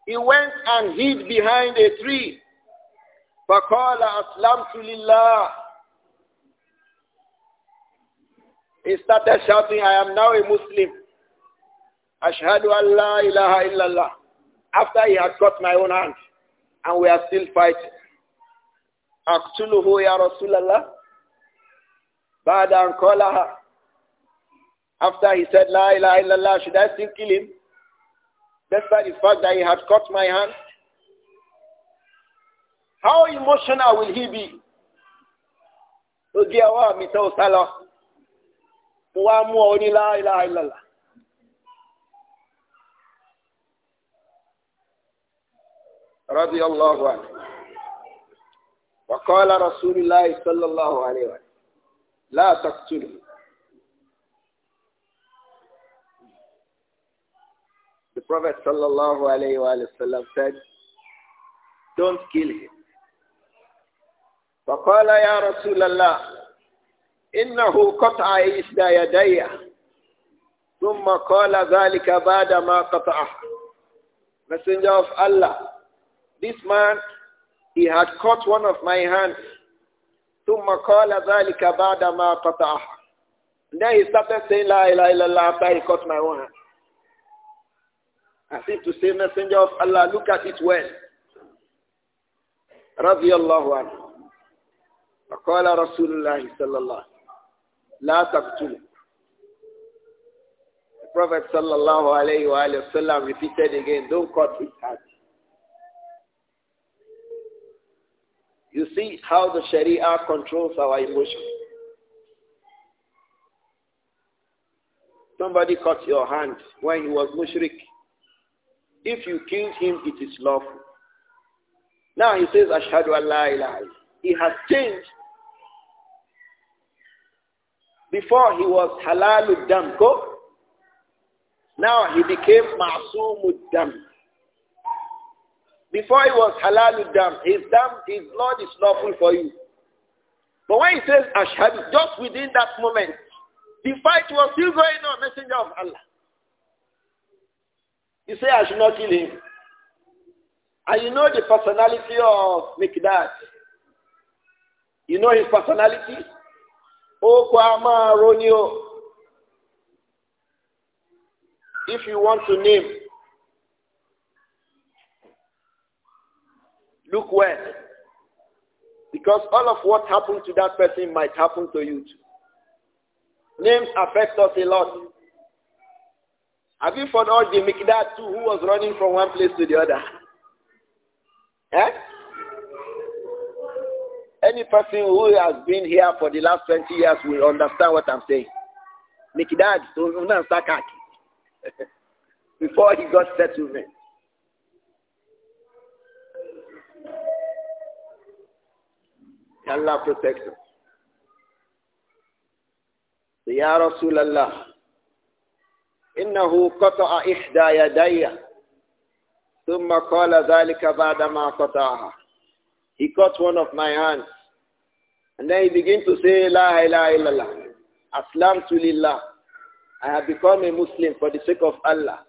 he went and hid behind a tree. فَقَالَ أَسْلَمْتُ لِلَّهِ He started shouting, I am now a Muslim. Ashhadu an la ilaha illallah. After he had cut my own hand, and we are still fighting. أَقْتُلُهُ يَا رَسُولَ اللَّهِ بَعْدَ أَنْ قَالَهَا after he said, La ilaha illallah, should I still kill him? Despite the fact that he had cut my hand? How emotional will he be? Ó di mi tó sá wá mú ọ ní La ilaha illallah. رضي الله عنه وقال رسول الله صلى الله عليه وسلم لا تقتله Prophet sallallahu said, don't kill him. فقال يا رسول الله إنه قطع إحدى يدي ثم قال ذلك بعد ما قَطَعَ Messenger of Allah This man he had cut one of my hands ثم قال ذلك بعد ما قطعه Then he started saying La ilaha illallah after he cut my own hand as if to say, Messenger of Allah, look at it well. رضي الله عنه فقال رسول الله صلى الله لا تقتله The Prophet صلى الله عليه وآله وسلم repeated again, don't cut his hand. You see how the Sharia controls our emotions. Somebody cut your hand when he was mushrik. If you kill him, it is lawful. Now he says, Ashadu Allah ilaha. He has changed. Before he was halalud damko. Now he became ma'sumud dam. Before he was halalud dam. His dam, his blood is lawful for you. But when he says Ashadu, just within that moment, the fight was still going on, messenger of Allah. You say I should not kill him. And you know the personality of Mikdad. You know his personality? ronio. If you want to name, look well. Because all of what happened to that person might happen to you too. Names affect us a lot. Have you found the Mikdad too who was running from one place to the other? Eh? Any person who has been here for the last 20 years will understand what I'm saying. Mikdad, that before he got settlement. Allah protect us. So, ya Rasulallah, إنه قطع إحدى يدي ثم قال ذلك بعدما قطعها He cut one of my hands and then he began to say La ilaha illallah Aslamtu lillah I have become a Muslim for the sake of Allah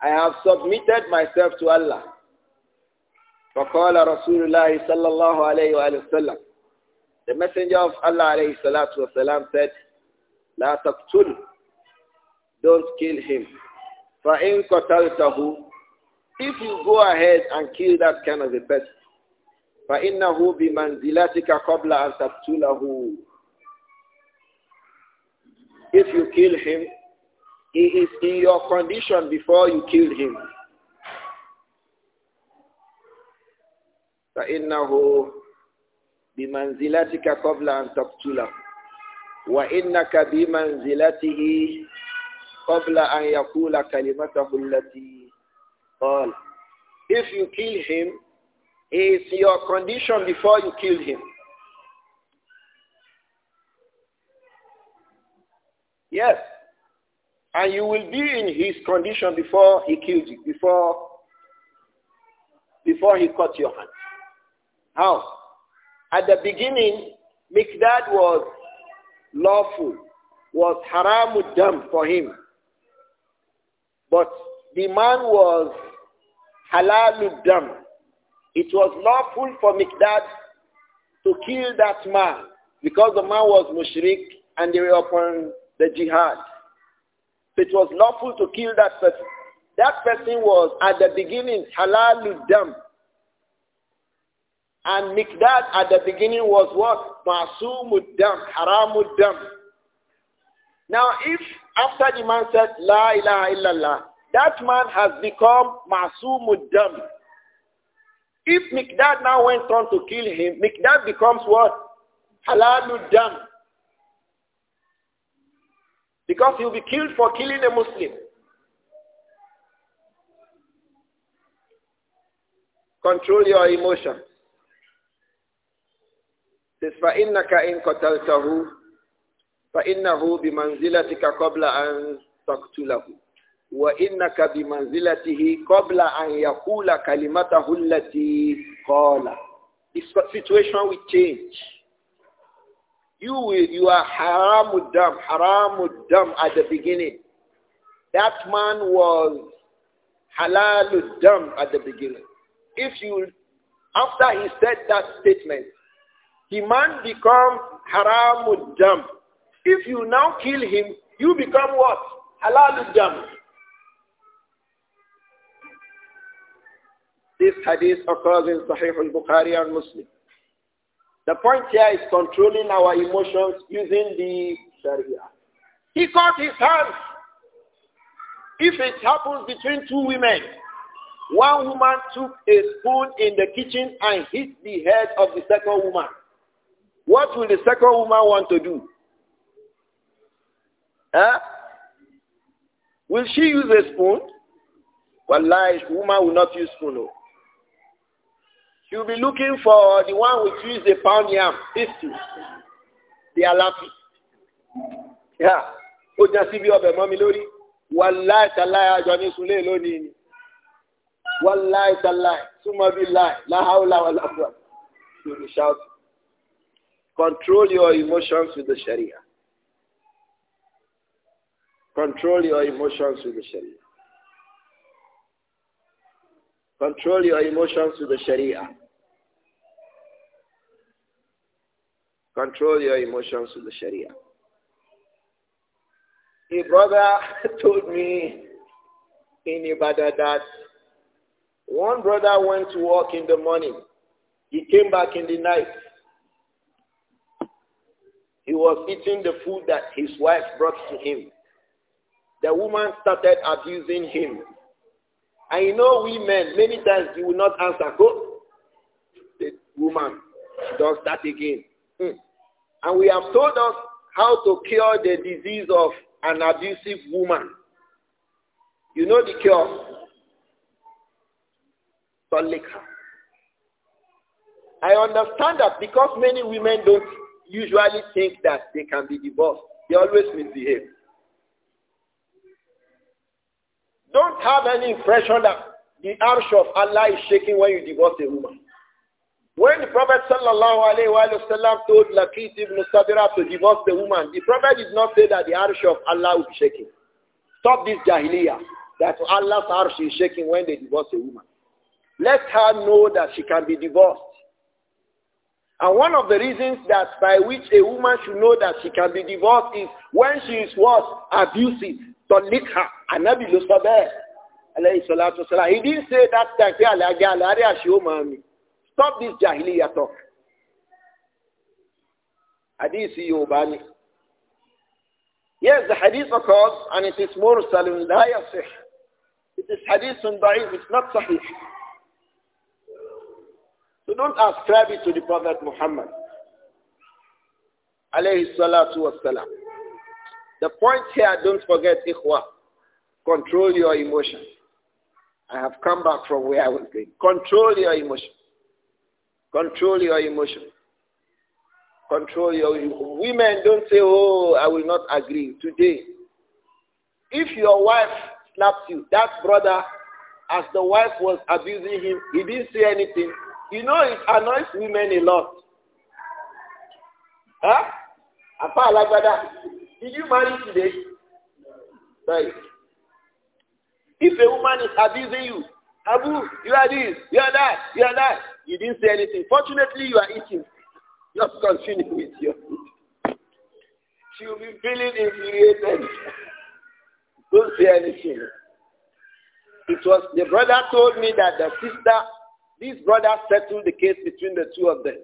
I have submitted myself to Allah فقال رسول الله صلى الله عليه وآله وسلم The messenger of Allah عليه الصلاة والسلام said لا تقتل don't kill him. فَإِنْ قَتَلْتَهُ If you go ahead and kill that kind of a person, فَإِنَّهُ بِمَنْزِلَتِكَ قَبْلَ أَنْ تَقْتُلَهُ If you kill him, he is in your condition before you kill him. فإنه بمنزلتك قبل أن تقتله وإنك بمنزلته قبل أن يقول كلمته التي قال If you kill him, is your condition before you kill him. Yes. And you will be in his condition before he kills you, before, before he cut your hand. How? At the beginning, Mikdad was lawful, was haram dam for him. But the man was halal dam. It was lawful for Mikdad to kill that man because the man was mushrik and they were upon the jihad. So it was lawful to kill that person. That person was at the beginning halal dam. And Mikdad at the beginning was what? Masumud dam, now, if after the man said, La ilaha illallah, that man has become Masumud If Mikdad now went on to kill him, Mikdad becomes what? halaluddam, Because he'll be killed for killing a Muslim. Control your emotions. فإنه بمنزلتك قبل أن تقتله وإنك بمنزلته قبل أن يقول كلمته التي قال This situation will change. You will, you are haram dam, haram dam at the beginning. That man was halal dam at the beginning. If you, after he said that statement, the man becomes haram dam. If you now kill him, you become what? Halal jam. This hadith occurs in Sahih al-Bukhari and Muslim. The point here is controlling our emotions using the Sharia. He cut his hands. If it happens between two women, one woman took a spoon in the kitchen and hit the head of the second woman. What will the second woman want to do? Huh? Will she use a spoon? Wallahi, woman will not use spoon. No. Oh. She will be looking for the one which use a pound yam. This too. They are laughing. Yeah. Ó já síbi ọbẹ̀ mọ́ mi lori. Wallahi tallahi àjọ ní Sule lónìí ni. Wallahi tallahi súnmọ́ bí láì láhàúlà wà You will shout. Control your emotions with the Sharia. Control your emotions with the Sharia. Control your emotions with the Sharia. Control your emotions with the Sharia. A brother told me in Ibadan that one brother went to work in the morning. He came back in the night. He was eating the food that his wife brought to him the woman started abusing him. I know we men, many times you will not answer, go. The woman does that again. Mm. And we have told us how to cure the disease of an abusive woman. You know the cure. lick her. I understand that because many women don't usually think that they can be divorced. They always misbehave. Don't have any impression that the arsh of Allah is shaking when you divorce a woman. When the Prophet sallallahu alaihi wasallam told Laqit ibn Sabira to divorce the woman, the Prophet did not say that the arsh of Allah would be shaking. Stop this jahiliyyah that Allah's arsh is shaking when they divorce a woman. Let her know that she can be divorced. And one of the reasons that by which a woman should know that she can be divorced is when she is what? Abusive tọ́líkà ànábì ló sọ bẹ́ẹ̀ alayhi salatu wassalam he didn't say that time pé àlàjá àlàárí àṣìwò máa mi stop this jahiliya talk hadith yorùbá ni. Yes, the hadith occurs and it is mursal in la yasih. It is hadith da'if, it's not sahih. So don't ascribe it to the Prophet Muhammad. Alayhi salatu wa wassalam. The point here, don't forget, ikhwa, control your emotions. I have come back from where I was going. Control your emotion. Control your emotion. Control your emotion. women. Don't say, "Oh, I will not agree today." If your wife slaps you, that brother, as the wife was abusing him, he didn't say anything. You know, it annoys women a lot. Huh? Apa that. Did you marry today? Right. If a woman is abusing you, Abu, you are this, you are that, you are that. You didn't say anything. Fortunately, you are eating. Just continue with your food. She will be feeling infuriated. Don't say anything. It was the brother told me that the sister, this brother settled the case between the two of them.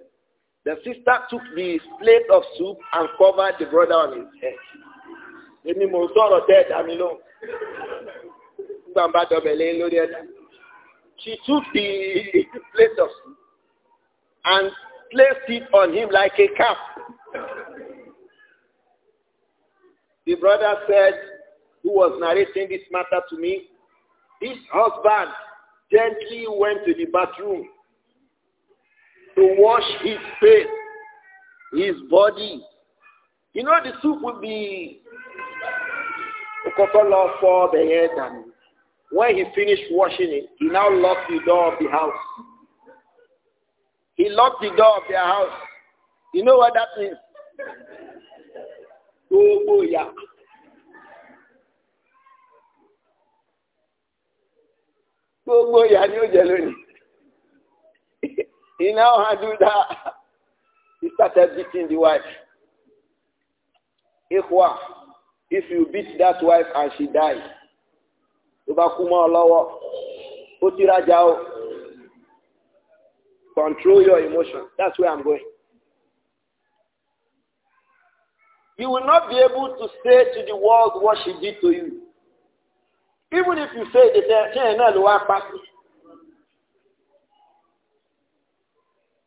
The sister took the plate of soup and covered the brother on his head. Èmi mò ń sọ̀rọ̀ tẹ́ ẹ̀dá She took the plate of soup and placed it on him like a cap. The brother said, who was narrating this matter to me, this husband gently went to the bathroom to wash his face, his body. You know the soup will be a Okotola for the head and when he finished washing it, he now locked the door of the house. He locked the door of their house. You know what that means? Gbogbo ya. Gbogbo ya ni ó jẹ lónìí. He now had do that. He started beating the wife. Ikhwa, if you beat that wife and she dies, tó bá kú mọ́ ọ lọ́wọ́, Control your emotion. That's where I'm going. You will not be able to say to the world what she did to you. Even if you say, the thing, náà I wá pàṣẹ.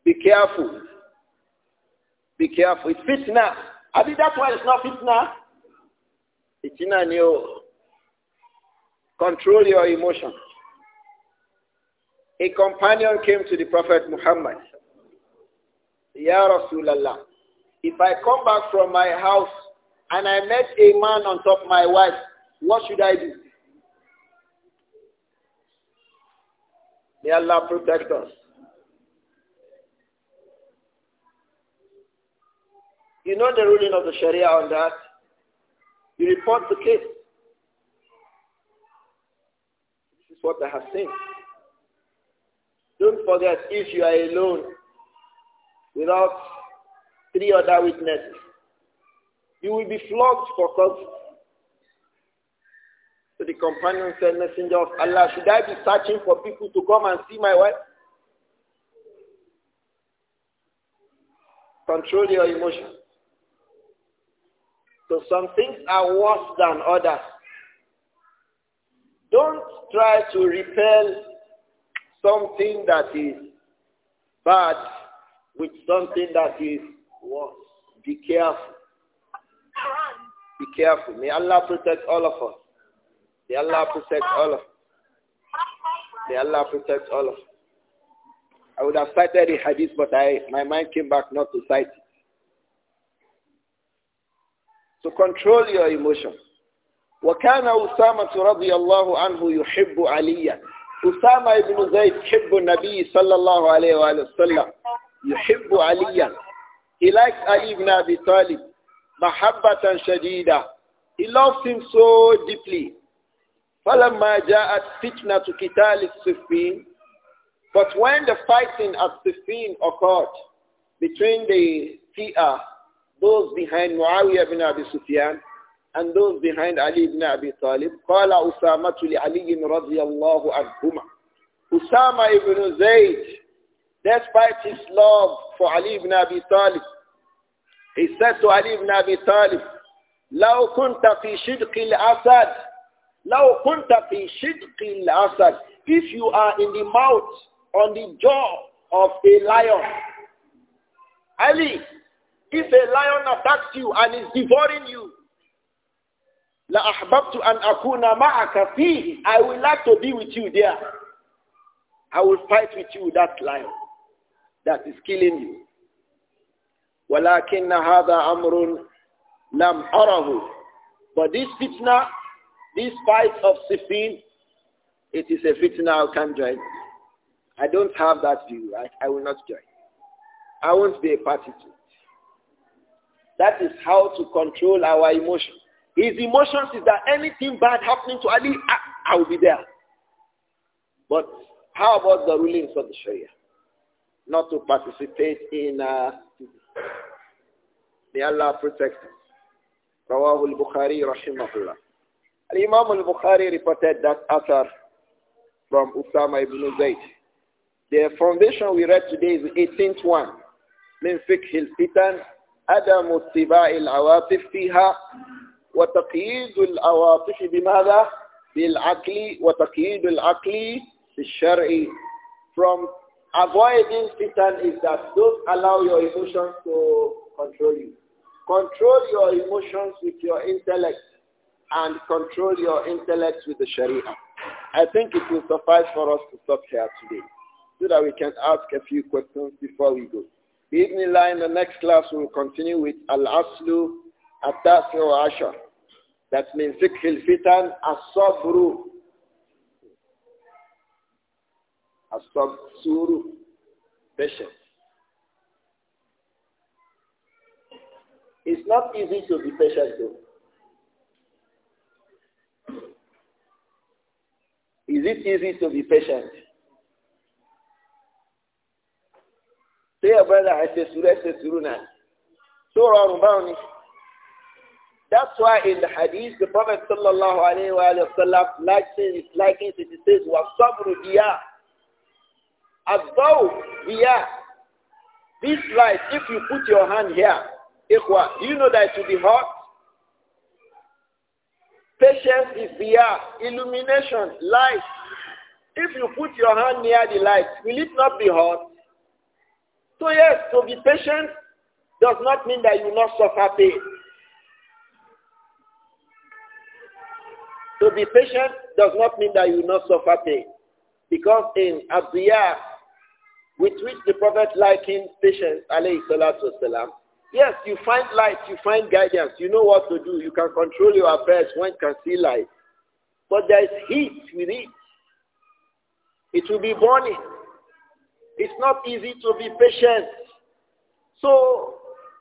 Be careful. Be careful. It's fitna. I mean, that's why it's not fitna. It's in a new. Control your emotions. A companion came to the Prophet Muhammad. Ya Rasulallah, if I come back from my house and I met a man on top of my wife, what should I do? May Allah protect us. You know the ruling of the Sharia on that? You report the case. This is what I have seen. Don't forget, if you are alone, without three other witnesses, you will be flogged for cause. So the companion said, Messenger of Allah, should I be searching for people to come and see my wife? Control your emotions. So some things are worse than others. Don't try to repel something that is bad with something that is worse. Be careful. Be careful. May Allah protect all of us. May Allah protect all of us. May Allah protect all of us. I would have cited the hadith, but I, my mind came back not to cite it. To control your emotion. وكان أسامة رضي الله عنه يحب عليا أسامة بن زيد يحب النبي صلى الله عليه وآله وسلم يحب He likes Ali ibn Abi Talib محبة شديدة He loves him so deeply فلما جاءت فتنة كِتَالِ السُّفِينِ. But when the fighting at Siffin occurred between the Shia those behind Muawiyah bin Abi Sufyan and those behind Ali ibn Abi Talib. قال أسامة لعلي رضي الله عنهما Usama ibn Zayd, despite his love for Ali ibn Abi Talib, he said to Ali ibn Abi Talib, لو كنت في شدق الأسد لو كنت في شدق الأسد If you are in the mouth, on the jaw of a lion, Ali, if a lion attacks you and is devouring you, la ahbabtu an akuna ma'aka I would like to be with you there. I will fight with you that lion that is killing you. ولكن هذا أمر لم أره. But this fitna, this fight of Siffin, it is a fitna I can't join. I don't have that view. I, I will not join. I won't be a party to that is how to control our emotion. His emotions is that anything bad happening to Ali, I, I will be there. But how about the rulings of the Sharia? Not to participate in... Uh, May Allah protect us. al-Bukhari rahimahullah. imam al-Bukhari reported that author from Usama ibn Zayd. The foundation we read today is the 18th one. Min fiqh al-fitan عدم اتباع العواطف فيها وتقييد العواطف بماذا؟ بالعقل وتقييد العقل بالشرع from avoiding fitan is that don't allow your emotions to control you. Control your emotions with your intellect and control your intellect with the Sharia. I think it will suffice for us to stop here today so that we can ask a few questions before we go. Bismillah, in the next class, we'll continue with Al-Aslu At-Tasi'u That means Zikr al-Fitan as asabru, as Patience. It's not easy to be patient though. Is it easy to be patient? ṣé ẹ̀bẹ̀rẹ̀ ẹ ṣe sùúrù ẹ ṣe sùúrù náà tó rọrùn That's why in the hadith, the Prophet sallallahu alayhi wa sallam like likens it, he says, وَالصَّبْرُ بِيَا Abdul بِيَا This light, if you put your hand here, Ikhwa, do you know that it will be hot? Patience is biyah, illumination, light. If you put your hand near the light, will it not be hot? So yes, to be patient does not mean that you will not suffer pain. To be patient does not mean that you will not suffer pain. Because in Abdiyah, with which the Prophet likened patience, alayhi yes, you find light, you find guidance, you know what to do, you can control your affairs when you can see light. But there is heat with it. It will be burning. It's not easy to be patient. So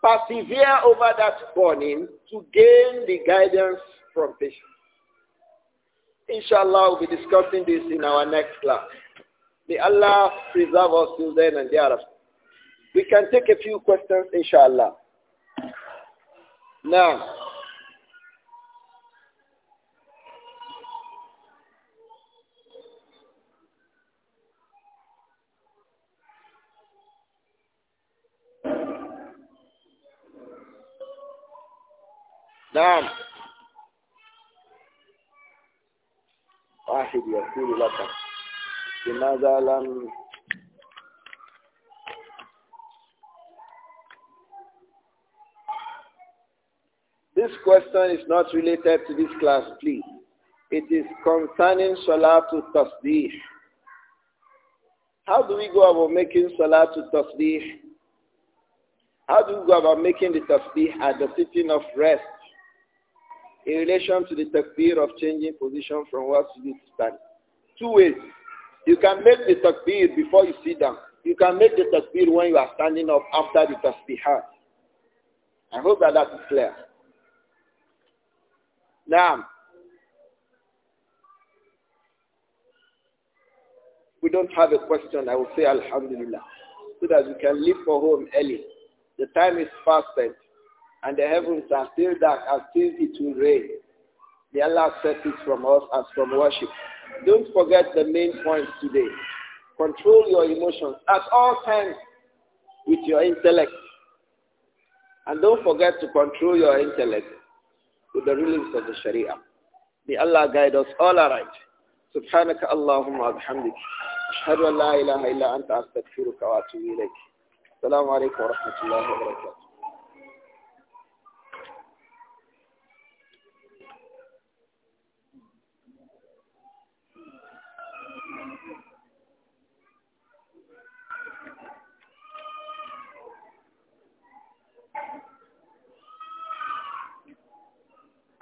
persevere over that burning to gain the guidance from patience. Inshallah, we'll be discussing this in our next class. May Allah preserve us till then and thereafter. We can take a few questions, inshallah. Now, واحد يقول لك لماذا لم This question is not related to this class, please. It is concerning Salatul Tasbih. How do we go about making Salatul Tasbih? How do we go about making the Tasbih at the sitting of rest? in relation to the takbir of changing position from what to stand. Two ways. You can make the takbir before you sit down. You can make the takbir when you are standing up after the has. I hope that that is clear. Now, we don't have a question. I will say Alhamdulillah. So that we can leave for home early. The time is fast then and the heavens are still dark and still it will rain. May Allah accept it from us as from worship. Don't forget the main point today. Control your emotions at all times with your intellect. And don't forget to control your intellect with the rulings of the Sharia. May Allah guide us all aright. سبحانك اللهم وبحمدك أشهد أن لا إله إلا أنت أستغفرك وأتوب إليك السلام عليكم ورحمة الله وبركاته